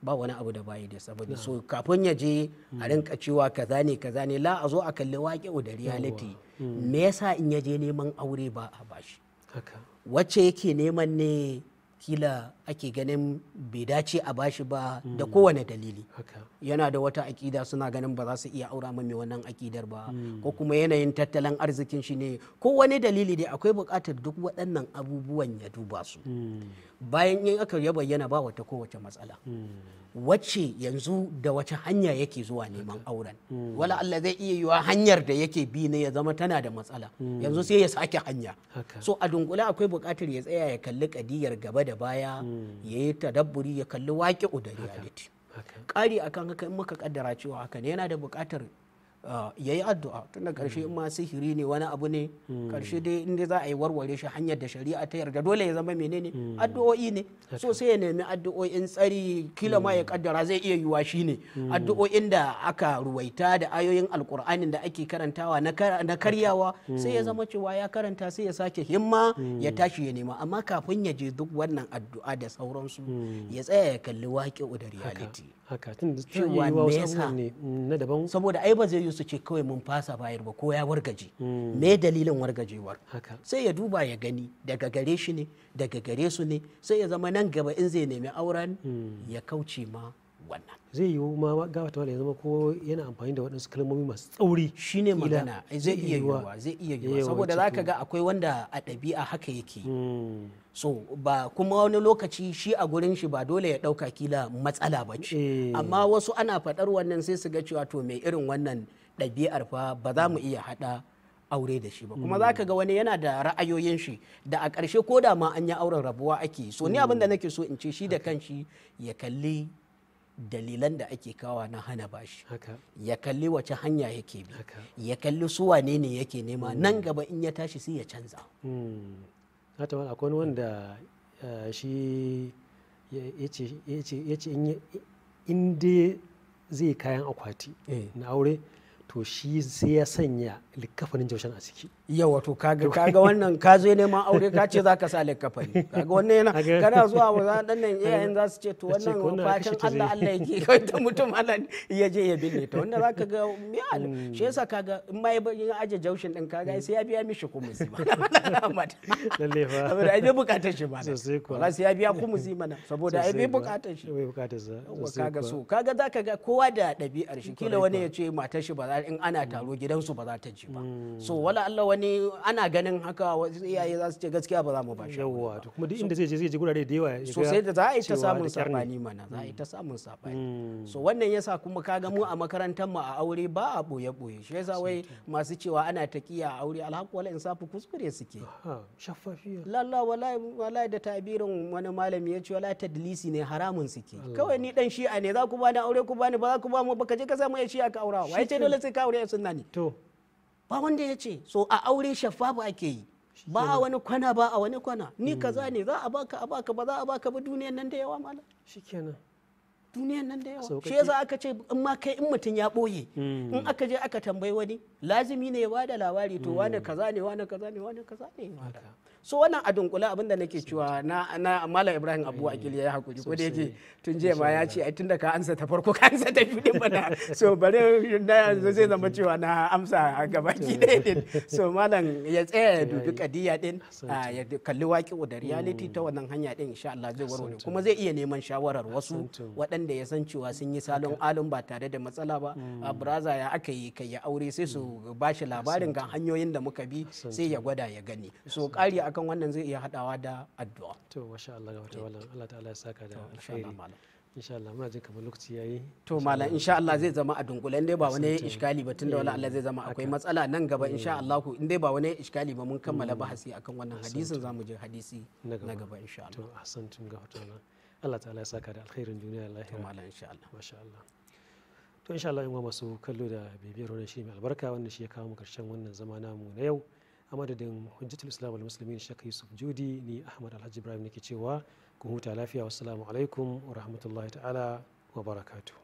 Speaker 2: ba wani abu da baya da sababi so kafin ya je a mm. rinka cewa kaza ne kaza ne la a zo a kalli waƙe da reality mm. me yasa in ya je neman aure ba a bashi wacce yake neman ne kila ake ganin bai dace a bashi ba hmm. da kowane dalili yana da wata akida suna ganin ba za su iya aura mai wannan akidar ba hmm. ko kuma yanayin tattalin arzikin shi ne ko wani dalili dai akwai buƙatar duk waɗannan abubuwan ya duba su hmm. bayan in aka ya bayyana ba wata kowace matsala wacce yanzu da wace hanya yake zuwa neman auren hmm. wala Allah zai iya yiwa hanyar da yake bi ne ya zama tana da matsala hmm. yanzu sai ya sake hanya so a dungula akwai buƙatar ya tsaya ya kalli kadiyar gaba da baya hmm. ya yi tadabburi ya kalli waƙe da reality ƙari akan haka in muka kaddara cewa haka ne yana da buƙatar Ah, ya yi addu'a tunda karshe hmm. in ma sihiri ne wani abu ne hmm. karshe dai in za a yi warware shi hanyar da shari'a ta yarda dole ya zama menene hmm. addu'o'i ne so sai ya nemi addu'o'in tsari kila ma ya kaddara zai iya yiwa shi ne addu'o'in da aka ruwaita da ayoyin alkur'anin da ake karantawa na karyawa sai ya zama cewa ya karanta sai ya sake himma ya tashi ya nema amma kafin ya je duk wannan addu'a da sauransu ya tsaya ya kalli waƙe da reality haka tun da ta yi wa wasu
Speaker 1: ne mm, na daban saboda ai ba zai yi su ce
Speaker 2: kawai mun fasa bayar ba ko ya wargaje mm. me dalilin wargajewar sai ya duba ya gani daga gare shi ne daga gare su ne sai ya zama nan gaba in zai nemi auren mm. ya
Speaker 1: kauce ma wannan zai yi ma gawata wanda ya zama ko yana amfani da waɗansu kalmomi masu tsauri shine magana zai iya yiwuwa zai iya yiwuwa saboda zaka ga
Speaker 2: akwai wanda a ɗabi'a haka yake so ba kuma wani lokaci shi a gurin shi ba dole ya dauka kila matsala ba ce eh. amma wasu ana faɗar wannan sai su ga cewa to mai irin wannan ɗabi'ar fa ba za mu iya haɗa aure da shi ba kuma za ka ga wani yana da ra'ayoyin shi da a ƙarshe ko da ma an yi auren rabuwa ake so ni abin da nake so in ce shi da kanshi ya kalli dalilan da ake kawa na hana bashi ya kalli wace hanya yake bi ya kalli su wane ne yake nema hmm. nan gaba in ya tashi sai ya canza
Speaker 1: hmm. na wani akwai wanda eh, shi ya ce in dai zai kayan akwati eh. na aure to shi sai ya sanya likkafanin jaushen a ciki yawa to kaga kaga wannan ka zo neman aure ka ce zaka sa likkafani kaga wannan yana kana zuwa wa za dan nan iyayen
Speaker 2: za su ce to wannan fatan Allah Allah yake kai ta mutum Allah ya je ya binne ta wanda zaka ga me al mm. shi yasa kaga in mai yin aje jaushin din kaga mm. sai ya biya mishi kumusi ba
Speaker 1: lalle fa saboda ai bai bukatar shi ba sosai ko sai ya
Speaker 2: biya kumusi mana saboda ai bai bukatar
Speaker 1: shi bai bukatar sa kaga so
Speaker 2: kaga zaka ga kowa da dabi'ar shi kila wani ya ce matar shi ba za in ana
Speaker 1: taro gidansu ba za ta ji ba hmm. so
Speaker 2: wala Allah wani ana ganin haka wasu iyaye za su ce
Speaker 1: gaskiya ba za mu ba shi yawa to kuma duk inda zai je zai je gurare da yawa so sai da za a yi ta samun sabani mana
Speaker 2: za a yi ta hmm. samun sabani
Speaker 1: hmm.
Speaker 3: so
Speaker 2: wannan yasa kuma kaga mu a makarantar mu a aure ba a boye boye shi yasa wai masu cewa ana taqiya a aure alhaqu wala insafu kuskure suke shaffafiya lalla wallahi wallahi da tabirin wani malami ya ce wala tadlisi ne haramun suke kawai ni dan shi'a ne za ku bani aure ku bani ba za ku ba mu ba ka je ka samu ya shi'a ka aura wai ce dole sai ka aure sunna ne to ba wanda ya ce so a aure shafafu ake yi ba a wani kwana ba a wani kwana ni hmm. kaza ne za a baka a baka ba za a baka ba duniyan nan da yawa malam shikenan duniyan nan da yawa shi yasa aka ce in ma kai in mutum ya boye hmm. in aka je aka tambayi wani lazimi ne ya bada labari to hmm. wani kaza ne wani kaza ne wani kaza ne so wannan a dunkula abin da nake cewa na na Malam Ibrahim Abu Akil ya hakuri ko da yake tun jiya ma ya ce ai da ka ansa ta farko ka ansa ta biyu bana so bare na yanzu zai zama cewa na amsa a gabaki ɗaya din so malam ya tsaya ya dubi kadiya din ah, ya kalli waƙi da reality ta mm. wannan hanya din insha Allah zai ne kuma zai iya neman shawarar wasu waɗanda ya san cewa sun yi salon alun ba tare da matsala ba a ah, mm. braza ya aka yi kai ya aure sai su mm. bashi labarin ga hanyoyin da muka bi sai ya gwada ya gani so ƙari a akan wannan
Speaker 1: zai iya hadawa da addu'a to masha Allah wata eh. Allah ta'ala ya saka da alkhairi insha Allah muna jin kamar lokaci ya yi. to malam insha Allah zai zama a dunkule inda ba wani iskali ba tunda wala Allah zai zama eh, akwai matsala nan gaba insha eh. Allah ku inda ba
Speaker 2: wani iskali ba mun kammala mm. bahasi akan wannan hadisin zamu
Speaker 1: je hadisi na gaba insha Allah to tun ga hotona Allah ta'ala ya saka da alkhairin duniya da lahira malam insha Allah masha Allah to insha Allah yan masu kallo da bibiyar wannan shi mai albarka wannan shi ya kawo mu karshen wannan zama namu na yau a madadin hujjatul islam wal muslimin shaka yusuf judi ni ahmad alhaji ibrahim nake cewa ku huta lafiya wassalamu alaikum wa rahmatullahi ta'ala wa barakatuh